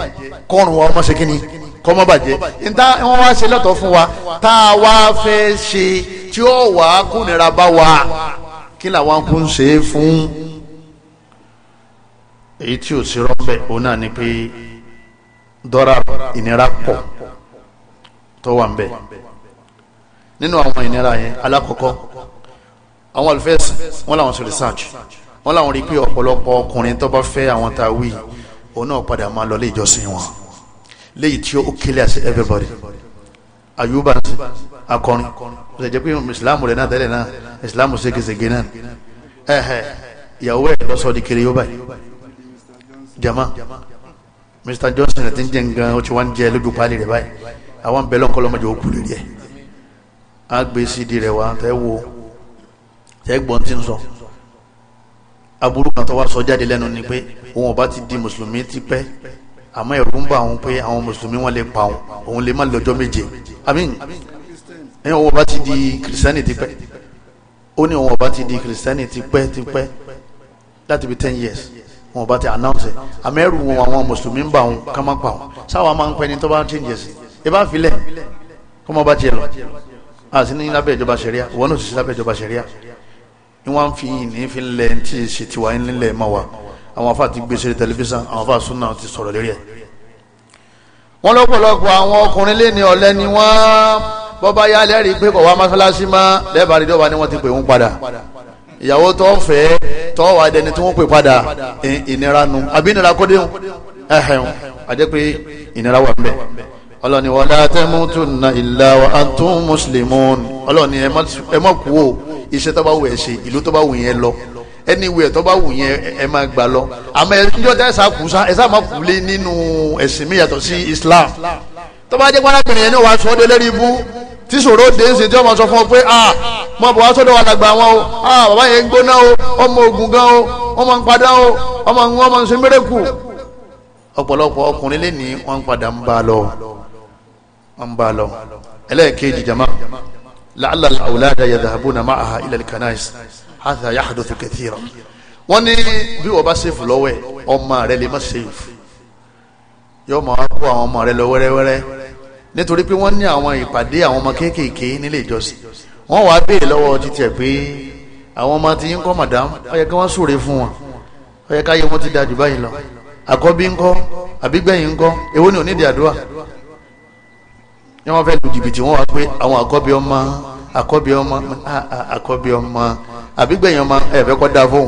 kọ́run wọn má ṣe kínní kọ́ má bàjẹ́ níta wọ́n wá ṣe lọ́tọ̀ fún wa tá a wá fẹ́ ṣe tí ó wà á kúnira bá wa kí làwọn kò ń ṣe é fún èyí tí ò sí rọ́ọ̀bẹ̀ òun náà ni pé dọ́ra ìnira pọ̀ tó wà ń bẹ nínú àwọn ìnira yẹn alákọ̀ọ́kọ́ àwọn alifẹ́sì wọ́n làwọn ṣe research wọ́n làwọn rí i pé ọ̀pọ̀lọpọ̀ ọkùnrin tó bá fẹ́ àwọn tá a wí òun náà padà máa lọ lé ìjọsìn wọn léyìí tí ó kílẹ̀ sí everybody ayuba akọrin ṣe jẹ́ pé ìsìláàmù rẹ̀ náà tẹ́lẹ̀ náà ìsìláàmù ségesège náà ẹ̀hẹ̀ ìyàwó ẹ̀ lọ́sọ̀ di kiri yóò báyìí jama Mr Johnson ti ń jẹ nǹkan ó ti wá ń jẹ lójú paálí rẹ̀ báyìí àwọn ń bẹ lọ́nkọ́ lọ́mọdé ó kú lórí ẹ̀ á gbé sídìí rẹ̀ wá tẹ́ wo tẹ́ gbọ́n tí ń sọ aburú kan tó wá sọ jáde lẹ́nu ni pé òun ọba ti di mùsùlùmí ti pẹ́ àmọ́ ẹ̀rù ń bà òun pé àwọn mùsùlùmí wọn lè pa òun òun lè má lọ́jọ́ méje àmín ẹ̀yìn òun ọba ti di kìrìsìtẹ́nì ti pẹ́ ó ní òun ọba ti di kìrìsìtẹ́nì ti pẹ́ ti pẹ́ láti bi ten years wọn ọba ti announce ẹ̀ àmọ́ ẹ̀rù wọn àwọn mùsùlùmí ń bà òun ká má pa òun sáwọn máa ń pẹ́ ni tó bá ń change sí ìbá filẹ̀ kọ́ mọ́ bá tiẹ̀ lọ a sì ní lábẹ́ ìjọba sẹ̀ríà ìwọ náà sì sí lábẹ́ ìjọba sẹ̀ríà ni wọ́n fi ní fi lẹ̀ sì tiwa nílẹ̀ máa wà àwọn afa ti gbèsè tẹlifíṣàn àwọn afa súnà ti sọ̀rọ̀ lérí ẹ̀. wọ́n lọ́pọ̀lọpọ̀ àwọn ọkùnrin lé ní ni wọ́n bọ́bá yá lẹ́rìí pé kọ̀wá mọ́sálásí má lẹ́bàá rí dọ́wà ni wọ́n ti pè wọ́n padà ìyàwó tó ń fẹ́ tó wà dẹni tí wọ́n pè padà ìnira nu àbí ìnira kódéhùn ẹ̀hẹ̀hùn àdé pé ìnira wà ń ọlọ́ni wala tamutunna illa wa antum muslimun ọlọ́ni ẹ má kú o iṣẹ́ tó bá wù ẹ́ ṣe ìlú tó bá wù yẹn lọ ẹni wù ẹ́ tó bá wù yẹn ẹ má gbà lọ àmọ́ ẹjọ́ tẹ́ ẹ sá sá ẹ sá má lé nínú ẹ̀sìn mi yàtọ̀ sí Islam tó bá jẹ́ pé arábìnrin yẹn ní wàá sọ ọ́ dé lérí ibú tí sòro dé ń ṣe tí ọmọ sọ fún ọ pé a ah, mọ bọ wá sọ́dọ̀ wa dàgbà wọn o a ah, bàbá yẹn ń gbóná o ọmọ ogun gan o ọmọ ń padà o ọmọ ń wọn ọmọ ń ṣe mẹrẹkù ọ̀pọ̀lọpọ̀ ọkùnrin lẹni wọn ń padà ń bá a lọ ń bá lọ ẹlẹ́ẹ̀kejì jama la'alla al-awlada yadhhabuna ma'aha ila al-kanais hadha yahduthu kathira wọ́n ní bí wọ́n bá sèfù lọ́wọ́ ẹ̀ ọmọ rẹ̀ lè má sèfù yóò máa kó àwọn ọmọ rẹ̀ lọ wẹ́rẹ́wẹ́rẹ́ nítorí pé wọ́n ní àwọn ìpàdé àwọn ọmọ kéékèèké nílé ìjọsìn wọ́n wàá béèrè lọ́wọ́ títí ẹ̀ pé àwọn ọmọ ti ń kọ́ madam ó yẹ kí wọ́n súre fún wọn ó yẹ káyé wọn ti da jù báyìí lọ àkọ́bí ńkọ́ àbígbẹ̀yìn ńkọ́ èwo ni onídìí àdúrà ní wọ́n fẹ́ lu jìbìtì wọ́n wá pé àwọn àkọ́bí ọmọ àkọ́bí ọmọ àkọ́bí ọmọ àbígbẹ̀yìn ọmọ ẹ̀fẹ́ kọ́ da fóun.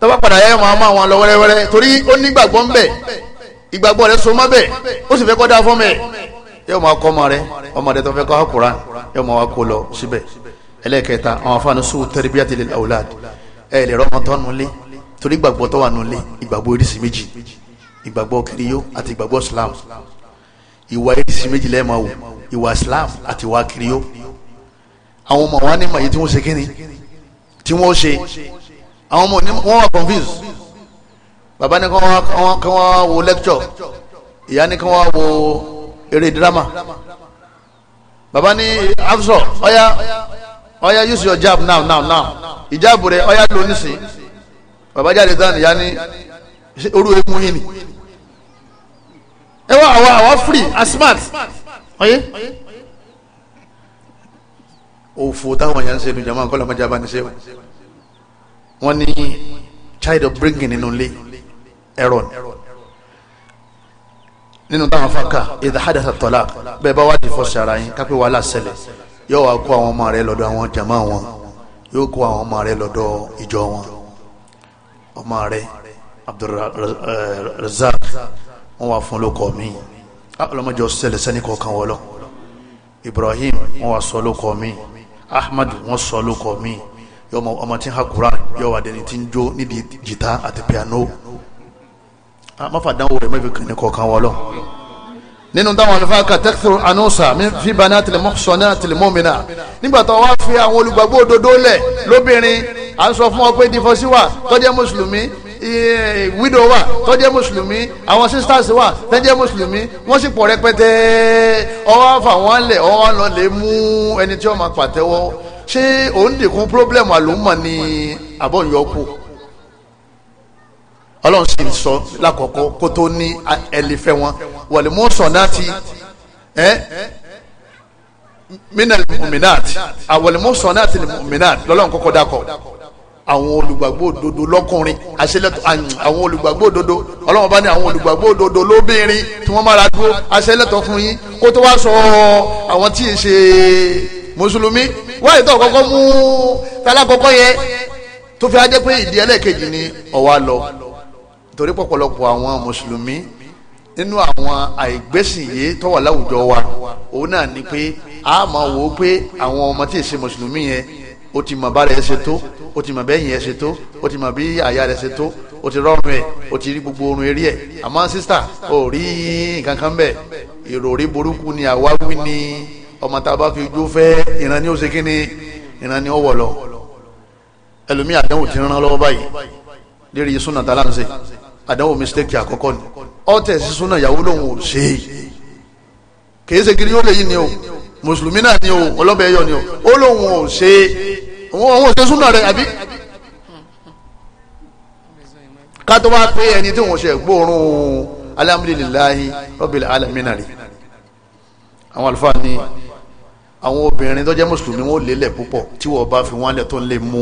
tọ́ba padà yá ẹ̀wọ̀n àmọ́ àwọn lọ wẹ́rẹ́wẹ́rẹ́ torí ó ní ìgbàgbọ́ ńbẹ̀ ìgbàgbọ́ rẹ̀ so mọ́ bẹ̀ ó sì fẹ́ kọ́ da fún mẹ́ yóò máa kọ́ ọmọ rẹ ọmọ rẹ tó fẹ́ kọ́ àkùrá yóò máa wá kó lọ síbẹ̀ ẹlẹ́ẹ̀kẹta àwọn afáàní sùn tẹ́rẹ́bíyàtì lil aulad ẹ̀ lè rọ́ ọmọ tó nulẹ̀ torí ìgbàgbọ́ tó wà nulẹ̀ ìgbàgbọ́ oríṣi méjì ìgbàgbọ́ kiriyó àti ìgbàgbọ́ islam ìwà irisi méjì lẹ́ẹ̀ma wò ìwà islam àti ìwà kiriyó àwọn ọmọ wa ní màyí tí wọ́n ṣe kíni tí wọ́n ṣe àwọn ọmọ ní wọ́n wà confused bàbá ní kí wọ́n wo lecture ìyá ní kí wọ́n wo eré drama bàbá ní afsọ ọ̀ya ọ̀ya use your jab now now now ìjáàbù rẹ̀ ọ̀ya lónìí sí bàbá jáde tán ìyá ní orú egun yìí ni ẹ wá àwa àwa free asmat ọyẹ òfò táwọn yẹn ń ṣe nu jama kọlọ ọmọdé abá ní ṣe wọn ní child of bringing nínú ilé ẹrọ nínú táwọn afáka ìdáhàdà tọ́lá bẹ́ẹ̀ bá wà ní fọ́ọ̀ṣì ara yín kápẹ́ wàhálà ṣẹlẹ̀ yóò wá kó àwọn ọmọ rẹ lọ́dọ̀ àwọn jama wọn yóò kó àwọn ọmọ rẹ lọ́dọ̀ ìjọ wọn ọmọ rẹ Abdulrazak wọ́n wá fún lóko mi ah, ọlọ́mọdé ọ̀sẹ̀lẹ̀ sẹ́ni kọ̀ọ̀kan wọ́lọ́ Ibrahim wọ́n wá sọ lóko mi Ahmad wọ́n sọ lóko mi yọmọ ọmọ tí ń ha Quran yọwọ àdẹni tí ń jó nídìí jìtá àti piano ah, mọ́fàdánwò rẹ̀ mẹ́fì kìnnì kọ̀ọ̀kan wọ́lọ́ nínú táwọn alifáàkà tẹ́kítọ̀ anúsà fi bana tìlẹ̀mọ́sọ̀nà tìlẹ̀mọ́mìnà nígbà tó wá fi àwọn olùgbàgbọ́ òdodo lẹ̀ lóbìnrin à ń sọ fún ọ pé dìfọ́síwà tó jẹ́ mùsùlùmí Eh, widow wa tó jẹ́ mùsùlùmí àwọn sisters wa tó jẹ́ mùsùlùmí wọ́n sì pọ̀ rẹpẹtẹ ọwọ́ fà wọ́n lẹ̀ ọwọ́ lọ lè mú ẹni tí wọ́n máa pàtẹ́wọ́ ṣé òun dìkún problem àlùmọ̀ ni àbọ̀nyọ́kù ọlọ́run sì sọ lákọ̀ọ́kọ́ kó tó ní ẹlẹ́fẹ́ wọn wọ̀lẹ̀ mú sọ̀nà ti ẹ́ minal muminat awọ̀lẹ̀ mú sọ̀nà ti muminat lọ́lọ́run kọ́kọ́ dákọ̀ àwọn olùgbàgbọ́ òdodo lọ́kùnrin àṣẹlẹ́tọ̀ àwọn olùgbàgbọ́ òdodo ọlọ́run bá ní àwọn olùgbàgbọ́ òdodo lóbìnrin tí wọ́n mára dúró àṣẹlẹ́tọ̀ fún yín kó tó wá sọ àwọn tí ì ṣe mùsùlùmí wáyé tó kọ́kọ́ mú tálákọ́kọ́ yẹ tó fi ajẹ́ pé ìdí ẹlẹ́ẹ̀kejì ni ọ̀wá lọ torí pọ̀pọ̀lọpọ̀ àwọn mùsùlùmí nínú àwọn àìgbésìnyé tó wà láwùjọ wa òun náà ni pé a wò ó pé àwọn ọmọ tí ì ṣe mùsùlùmí yẹn o ti mọ bára ẹ ṣe tó o ti mọ bẹ́yìn ẹ ṣe tó o ti mọ bí àyà rẹ ṣe tó o ti rọrùn ẹ o ti rí gbogbo orun eré ẹ àmọ́ sísà o rí nǹkan kan ìròrí burúkú ni àwa wí ni ọmọ tá a bá fi ojú fẹ́ ìran ni ó ṣe kí ni ìran ni ó wọ̀ lọ ẹlòmíì àdánwò ti rán lọ́wọ́ báyìí lérí súnà tá a láǹṣe àdánwò mistake àkọ́kọ́ ni ọ̀tẹ̀ sí súnà ìyàwó lòun ò ṣe kì í ṣe kiri ó lè yí ni o mùsùlùmí náà ni o ọlọ́bẹ̀ ẹ̀yọ ni o ó lóun ò ṣe òun ò ṣe súnà rẹ̀ àbí. ká tó wá pé ẹni tí òun ṣe gbóòórùn alhamdulillahi rabbil alamin rẹ̀ àwọn àlùfáà ni àwọn obìnrin tó jẹ́ mùsùlùmí wọn ò lélẹ̀ púpọ̀ tí wọ́n bá fi wọ́n lẹ̀ tó ń lè mú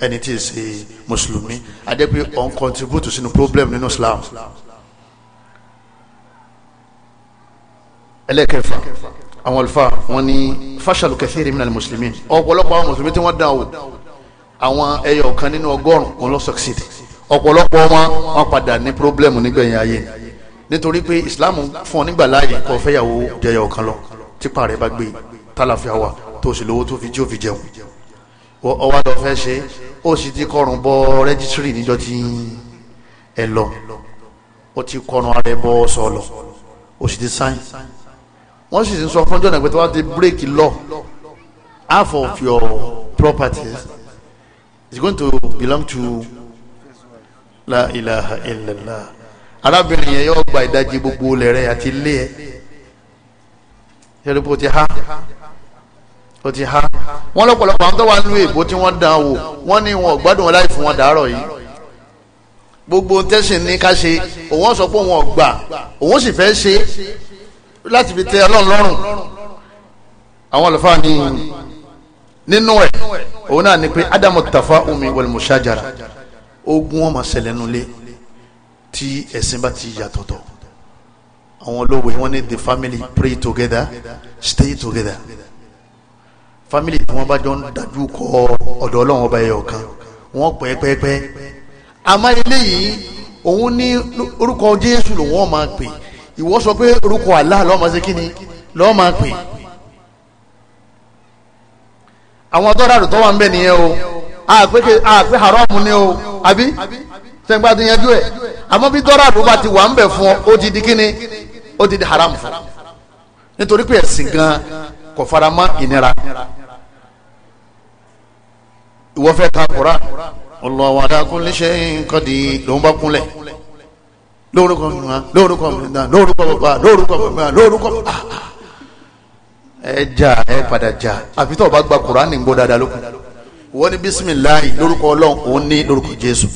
ẹni tí ì ṣe mùsùlùmí adẹ́pẹ́ ọ̀n contribute sínú problem nínú Islam. ẹlẹ́kẹ̀fà àwọn olùfà wọn ni fashalu kathiri minal muslimin ọ̀pọ̀lọpọ̀ àwọn mùsùlùmí tí wọ́n dá o àwọn ẹyọ kan nínú ọgọ́rùn wọn lọ succeed ọ̀pọ̀lọpọ̀ wọn wọn padà ní problem nígbẹ̀yìn ayé nítorí pé islam fún ọ nígbà láàyè kó fẹ́yàwó jẹyọ kan lọ tipa rẹ bá gbé tálàfíà wà tó o sì lówó tó fi jí ò fi jẹun ọwọ́ àlọ́ fẹ́ ṣe ó sì ti kọrùn bọ rẹ́gísírì níjọ́ tí ẹ lọ ó ti kọrùn ara ẹ bọ́ sọ lọ ó sì ti sáyìn wọ́n sì sọ fún jọ́nà pé tí wọ́n ti break law half of your properties is going to belong to la ilaha illallah arábìnrin yẹn yóò gba ìdajì gbogbo olè rẹ àti ilé ẹ yẹrìpọ̀ ti ha ó ti ha wọ́n lọ́pọ̀lọpọ̀ àwọn tó wà nínú èbó tí wọ́n dán wò wọ́n ní wọn gbádùn wọn láì fún wọn dàárọ̀ yìí gbogbo tẹ́sán ní ká ṣe òun sọ pé òun ọ̀gbà òun sì fẹ́ ṣe láti fi tẹ ọlọ́run lọ́rùn àwọn àlùfáà ní nínú ẹ̀ òun náà ni pé ádámù tafa omi wal mushajara ogun wọn máa ṣẹlẹ̀ nulẹ̀ tí ẹ̀sìn bá ti yàtọ̀tọ̀ àwọn olówó wọn ní the family pray together stay together family tí wọ́n bá jọ ń dájú kọ ọ̀dọ̀ ọlọ́run ọba ẹ̀yọ̀ kan wọ́n pẹ́ẹ́pẹ́ẹ́pẹ́ àmọ́ eléyìí òun ní orúkọ jésù lòun ọ̀ máa ìwọ sọ pé orúkọ Allah lọ́mọ sí kíni lọ́mọ pè àwọn tó dàrú tó wà ń bẹ nìyẹn o àpé haram ni o àbí sẹ́gbà tó yanjú ẹ̀ àmọ́ bí tó dàrú bá ti wà ń bẹ fún ọ ó ti di kíni ó ti di haram fún nítorí pé ẹ̀sìn gan kò fara mọ́ ìnira ìwọ fẹ́ ka Qur'an Allahu ala kulli shay'in qadir ló ń bá kúnlẹ̀ lórúkọ mìíràn lórúkọ mìíràn lórúkọ bàbá lórúkọ mìíràn lórúkọ ah, ah. ẹ jà ẹ padà jà àfi tó o bá gba kuraani gbọ́ dáadáa lóko wọ́n ní bisimilayi lórúkọ ọlọ́run òun ní lórúkọ jésù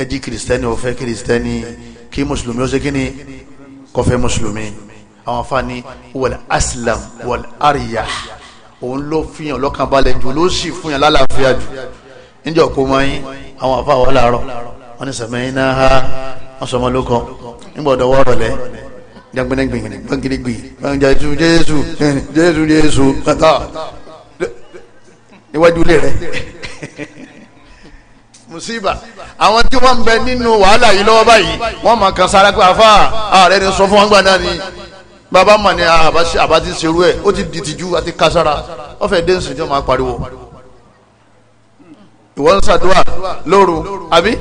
ẹ jí kìrìsìtẹ́nì ó fẹ́ kìrìsìtẹ́nì kí mùsùlùmí ó ṣe kí ni kó fẹ́ mùsùlùmí àwọn afáàní wọ̀l aslam wọ̀l àríyá òun ló fi hàn lọ́kànbalẹ̀ jù ló sì fún yàn lálàáfíà jù níjọ́ kó mọ́ yín àwọn afáà wọ́n wọ́n ní sàmẹ́ iná ha wọ́n sọmọ ló kọ́ nígbà ọ̀dọ̀ wọ́ọ̀rọ̀ lẹ́ jágbẹ́nẹ́gbìn gbẹ́ngidigbì jésù jésù jésù jésù kàtà níwájú ilé rẹ̀ musiba àwọn tí wọ́n ń bẹ nínú wàhálà yìí lọ́wọ́ báyìí wọ́n máa kan sára pé àfa ààrẹ ni sọ fún wọn gbàdá ni bàbá mà ní àbá ti ṣerú ẹ̀ ó ti dìtìjú àti kására wọ́n dé nsìn tí wọ́n máa pariwo ìwọ ń ṣàdúrà lóru àbí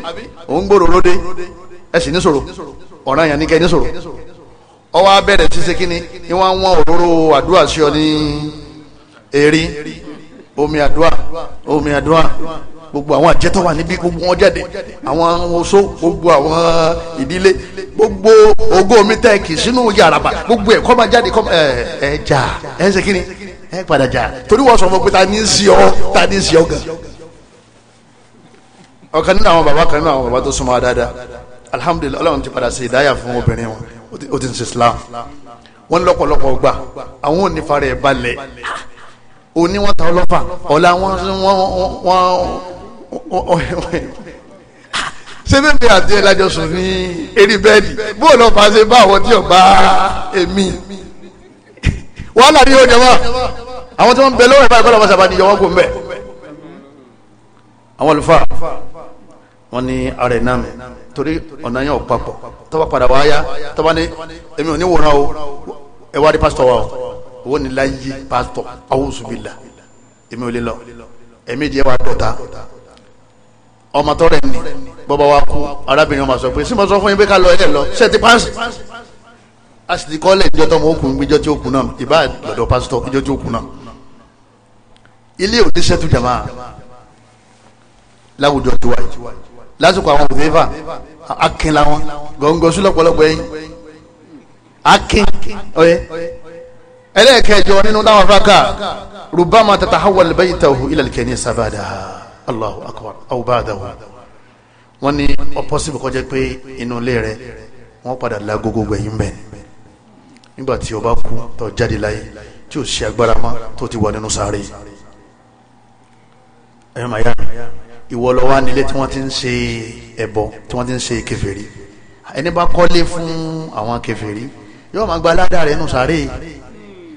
òun gbòòrò lóde ẹ sì ọ̀ràn yẹn ní kẹ́ ọwọ́ abẹ́rẹ́ ṣiṣẹ́ kínní ni wọ́n wọ́n òróró àdúrà sí ọ ní èrí omi àdúrà omi àdúrà gbogbo àwọn àjẹtọ́ wà níbí gbogbo wọn jáde àwọn oṣó gbogbo àwọn ìdílé gbogbo ogó omi tẹ́ẹ̀kì sínú yàràbà gbogbo ẹ̀ kọ́ jáde kọ́ ẹ̀ ẹ̀ jà ẹ̀ ṣe kínní ẹ̀ padà jà torí wọ́n sọ fún pé ta ní í sí ọ ta ní í sí ọ gan ọ̀kan nínú àwọn bàbá kan nínú àwọn bàbá tó súnmọ́ dáadáa alhamdulilayi ọlọ́run ti padà sí ìdáyà fún obìnrin wọn ó ti ń ṣe islam wọn lọ́pọ̀lọpọ̀ gbà àwọn ò ní fara ẹ̀ balẹ̀ òní wọn ta ọlọ́fà ọ̀la wọn wọn sẹ́bẹ̀bẹ̀ àti ẹ̀lájọsùn ní eré bẹ́ẹ̀lì bóò lọ fà á ṣe bá àwọn tí ò bá èmi wàhálà ní oúnjẹ wọn àwọn tí wọn bẹ lọ́wọ́ ìfọ̀yàkọ́ lọ́wọ́ sábà kò ń àwọn olùfà wọ́n ní ara ẹ̀ náà mi torí ọ̀nà yẹn ò papọ̀ tọ́wọ́ padà wá yá tọ́wọ́ ní èmi ò ní wòran o ẹ wá rí pásítọ̀ wa o owó ni láyé pásítọ̀ awúsùbìlà èmi ò lè lọ ẹ̀mí ìdí ẹ̀ wá dọ̀ta ọmọ tọrẹ ni bọba wa kú arábìnrin ọmọ sọ pé sí mo sọ fún yín pé ká lọ ẹ lọ ṣe ti pánsì a sì ti kọ́lẹ̀ ìjọ tó mọ okùn ìjọ tí ó náà ìbá lọ́dọ̀ pásítọ̀ ìjọ tí ó náà ilé òdíṣẹ́ tu jama, láwùjọ tiwa yìí lásìkò àwọn òfìfà akin làwọn gọ̀ǹgọ̀ sílọ̀pọ̀lọpọ̀ ẹ̀yìn akin ọ̀yẹ́ ẹlẹ́ẹ̀kẹjọ nínú dáwọn fáka rubama tatahawwal baytahu ila al-kanisa ba'daha Allahu akbar aw ba'dahu wọ́n ní ọ̀pọ̀sibù kọjá pé inú ilé rẹ̀ wọ́n padà lágogo gbẹ̀yìn bẹ̀ nígbà tí o bá kú tó jáde láyé tí o ṣe agbára mọ́ tó ti wà nínú sáré ẹ̀rọ màá yára ìwọ lọ wá nílé tí wọ́n ti ń ṣe ẹbọ tí wọ́n ti ń ṣe kèfèrí ẹni bá kọ́lé fún àwọn kèfèrí yóò máa gba aládàá rẹ̀ nù sáré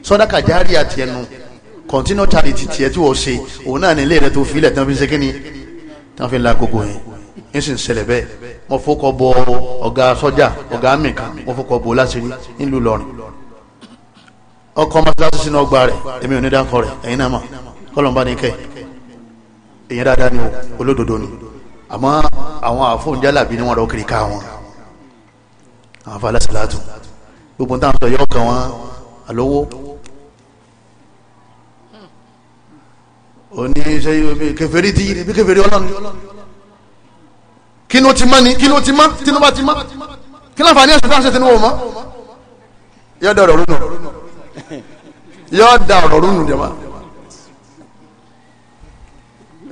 sọ́dáka járí àti ẹnu continue charity tiẹ̀ tí wọ́n ṣe òun náà nílé rẹ̀ tó filẹ̀ tí wọ́n fi ń ṣe kíni tí wọ́n fi ń la gbogbo yẹn ń sì ń ṣẹlẹ̀ bẹ́ẹ̀ mo fọkọ bọ ọ̀gá sọ́jà ọ̀gá àmì kan mo fọkọ bọ láṣìírí nílùú lọrin ọkọ̀ masalasi sínú ọgbà rẹ̀ èmi ò ní dáńkọ rẹ̀ ẹ̀yin náà mọ̀ kọ́lọ̀ ní kẹ́ẹ̀ èyàn dáadáa ni o olódodo ni àmọ́ àwọn àfọ̀njálàbí ni wọ́n lọ kiri ká wọn àwọn afa aláṣàlátù gbogbo táwọn sọ yọ kàn wọn àlówó òní ṣe kèfèrí ti yìí bí kèfèrí ọlọ́run kí ló ti mọ́ ni kí ló ti mọ́ tí ló bá ti mọ́ kí ló ń fa ní ẹ̀sùn tó ṣe tinú wò yọ da ọ̀rọ̀ yọ da ọ̀rọ̀ rúnù máa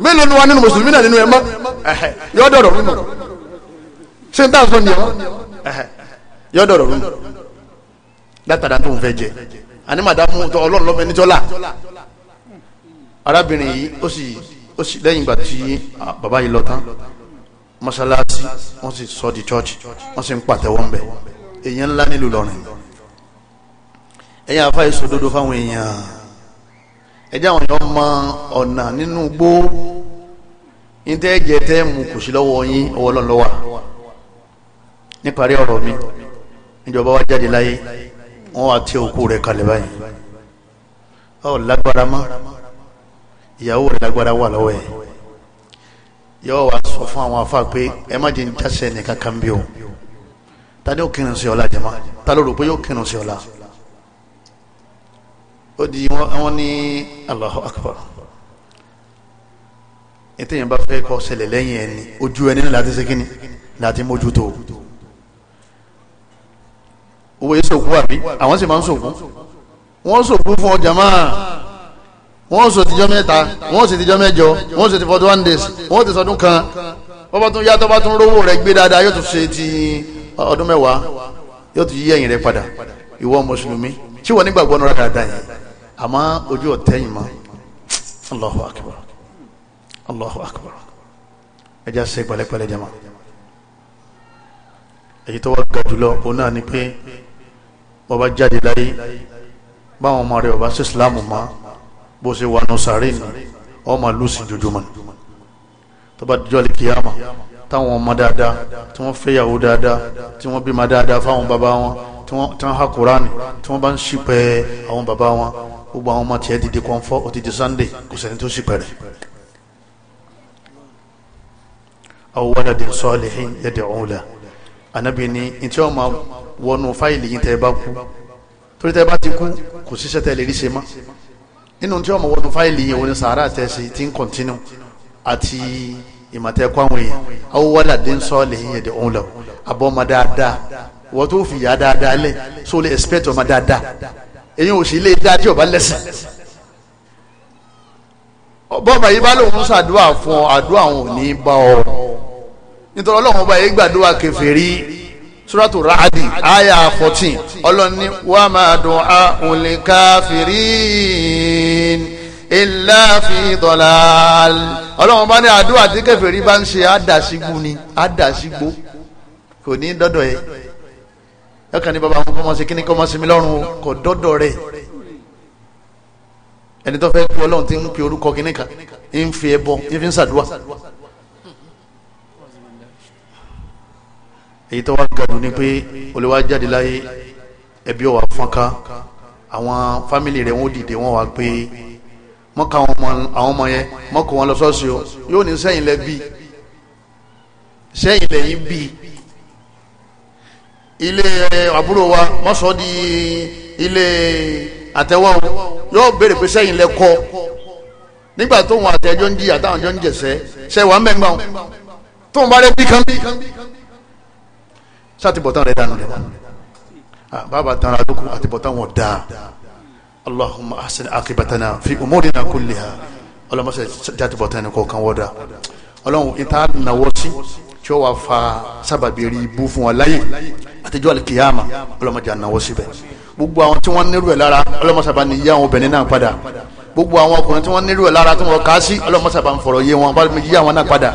mélòó ni wà nínú mùsùlùmí náà nínú ẹ mọ́ yọ dọ̀rọ̀ mímọ́ ṣé n tà sọ nìyẹn yọ dọ̀rọ̀ mímọ́ látara tó ń fẹ́ jẹ àní màdàmú tó ọlọ́run lọ́mọ ẹni jọ́lá arábìnrin yìí ó sì ó sì lẹ́yìn ìgbà tí bàbá yìí lọ tán mọ́sálásí wọ́n sì sọ di chọ́ọ̀chì wọ́n sì ń pàtẹ́wọ́ ń bẹ̀ èèyàn ńlá nílùú lọ́rin ẹ̀yìn afá èso dodo fáwọn èèyàn ẹ̀jẹ̀ àwọn èèyàn mọ ọ̀nà nínú gbó ní tẹ́ jẹ tẹ́ mú kò sí lọ́wọ́ yín ọwọ́ Ọlọ́run ló wà níparí ọ̀rọ̀ mi níjọba wa jáde láyé wọn wá tí òkú rẹ̀ kalẹ̀ báyìí ọ lágbára mọ́ ìyàwó rẹ̀ lágbára wà lọ́wọ́ ẹ̀ yóò wá sọ fún àwọn afá pé ẹ má jẹ́ ń jáse nìkan o ta ni ó kírun sí ọ̀la jẹ́mọ́ ta ló rò pé yóò kírun sí ọ̀la ó di wọn ní Allahu Akbar ètò yẹn bá fẹ́ kó ṣẹlẹ̀ lẹ́yìn ẹni ojú ẹni láti ṣe kíni láti mójútó owó yìí sòkú àbí àwọn sì máa ń sòkú wọ́n sòkú fún ọjà máa wọ́n sò tìjọ́ mẹ́ta wọ́n sì tìjọ́ mẹ́jọ wọ́n sì ti forty one days wọ́n ti sọdún kan wọ́n bá tún yàtọ̀ bá tún rówó rẹ̀ gbé dáadáa yóò tún ṣe ti ọdún mẹ́wàá yóò tún yí ẹ̀yìn rẹ̀ padà ìwọ mùsùlùmí tí wọ́n nígbàgbọ́ nura dáadáa yẹn àmọ́ ojú ọ̀tẹ́yìn mọ́ Allahu akbar. Allahu akbar ẹja ṣe pẹ̀lẹ́pẹ̀lẹ́ jama èyí tó wá ga jùlọ òun náà ni pé wọ́n bá jáde láyé báwọn ọmọ rẹ̀ ọba sí islam ma bó ṣe wà nù sàárè ni ọmọ lùsì jojúmọ́ tó bá dijọ́ lè kíyàmà táwọn ọmọ dáadáa tí wọ́n fẹ́yàwó dáadáa tí wọ́n bímọ dáadáa fáwọn bàbá wọn tí wọ́n tán ha kúránì tí wọ́n bá ń ṣìpẹ̀ àwọn bàbá wọn gbogbo àwọn ọmọ tiẹ̀ dìde kọ́ńfọ́ ó di sunday kò sẹ́ni tó ṣìpẹ̀ rẹ̀ aw waladin salihin yad'u la anabi ni ntí wọn máa wọnú fáìlì yìí tẹ́ ẹ bá kú torí tẹ́ ẹ bá ti kú kò síṣẹ́ tẹ́ lè rí ṣe mọ́ nínú ntí wọn máa wọnú fáìlì yìí òní sàárà tẹ́ ṣe ti ń kọ́ntínú àti ìmọ̀tẹ́kọ́ àwọn èèyàn aw waladin salihin yad'u la abọ́ ma dáadáa wọ́n tó fìyà dáadáa lẹ̀ so lè expect ọmọ dáadáa èyí ò sì lè dá tí ọba lẹ́sìn bọ́ọ̀bà yìí bá lóun ṣàdúrà fún ọ àdúrà òun ò ní bá ọ nítorí ọlọ́run ọba yìí gbàdúrà kèfèrí suratu ra'adi aya fourteen ọlọ́run ní wa ma du'a'ul kafirin illa fi dalal ọlọ́run bá ní àdúrà tí kèfèrí bá ń ṣe àdàṣígbó ni àdàṣígbó kò ní dọ́dọ̀ ẹ̀ ẹ̀ka ní bàbá àwọn kọ́mọ́ sí kíní kọ́mọ́ sí mi lọ́rùn kò dọ́dọ̀ rẹ̀ ẹni tó fẹ́ kú ọlọ́run ti ń pe orúkọ kíní ń fi ẹbọ ń fi ń ṣàdúrà èyí tó wá gàdùn ni pé olùwà jáde láyé ẹbí ọ̀wà fọ́nká àwọn fámìlì rẹ̀ wọ́n dìde wọ́n wá pé mọ́ka àwọn ọmọ yẹn mọ́kò wọn lọ sọ́ọ̀sì o yóò ní sẹ́yìn lẹ bí sẹ́yìn lẹ́yìn bí ilé eh, àbúrò wa mọ́sọ́ di ilé àtẹwọ́ yóò béèrè pé sẹ́yìn lẹ kọ́ nígbà tóun àtẹjọ́ ń jìyà táwọn jọ ń jẹ̀sẹ́ sẹ́wàá mẹ́gbàá tóun bá rẹ́ bí kan bí kan bí kan sátìbọ̀tán rẹ̀ dànù rẹ̀ bàbá tán àdókù àtìbọ̀tán wọn dáa allahumma ahsin akibatana fi umurina kulliha ọlọmọsẹ játìbọ̀tán ẹni kọ̀ọ̀kan wọ́dà ọlọ́run ìta nàwọ́ sí tí ó wà fa sábàbí rí ibú fún wa láyé àtijọ́ alikiyama ọlọ́mọdé ànáwọ́ síbẹ̀ gbogbo àwọn tí wọ́n nírú ẹ̀ lára ọlọ́mọsàbá ni yá àwọn obìnrin náà padà gbogbo àwọn ọkùnrin tí wọ́n nílò ẹ̀ lára tí wọ́n kà á sí ọlọ́mọṣà bá ń fọ̀rọ̀ yé wọn bá mi yí àwọn náà padà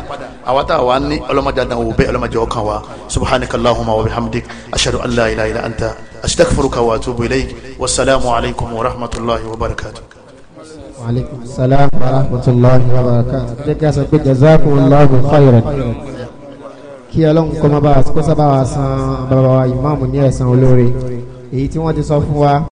àwa tá a wà ní ọlọ́mọdé àdàn òbẹ́ ọlọ́mọdé ọkàn wa subhanaka allahumma wa bihamdik ashhadu an ilaha illa anta astaghfiruka wa atubu ilayk wasalaamu alaykum wa rahmatulahi wa barakatuh. wa aleykum salaam wa rahmatulahi wa barakatuh. ṣé kí a sọ pé jazakumullahu khairan kí ọlọ́run kọ́ máa bá wa kó sábà wa san bàbá wa ìmáàmù ní ẹ̀san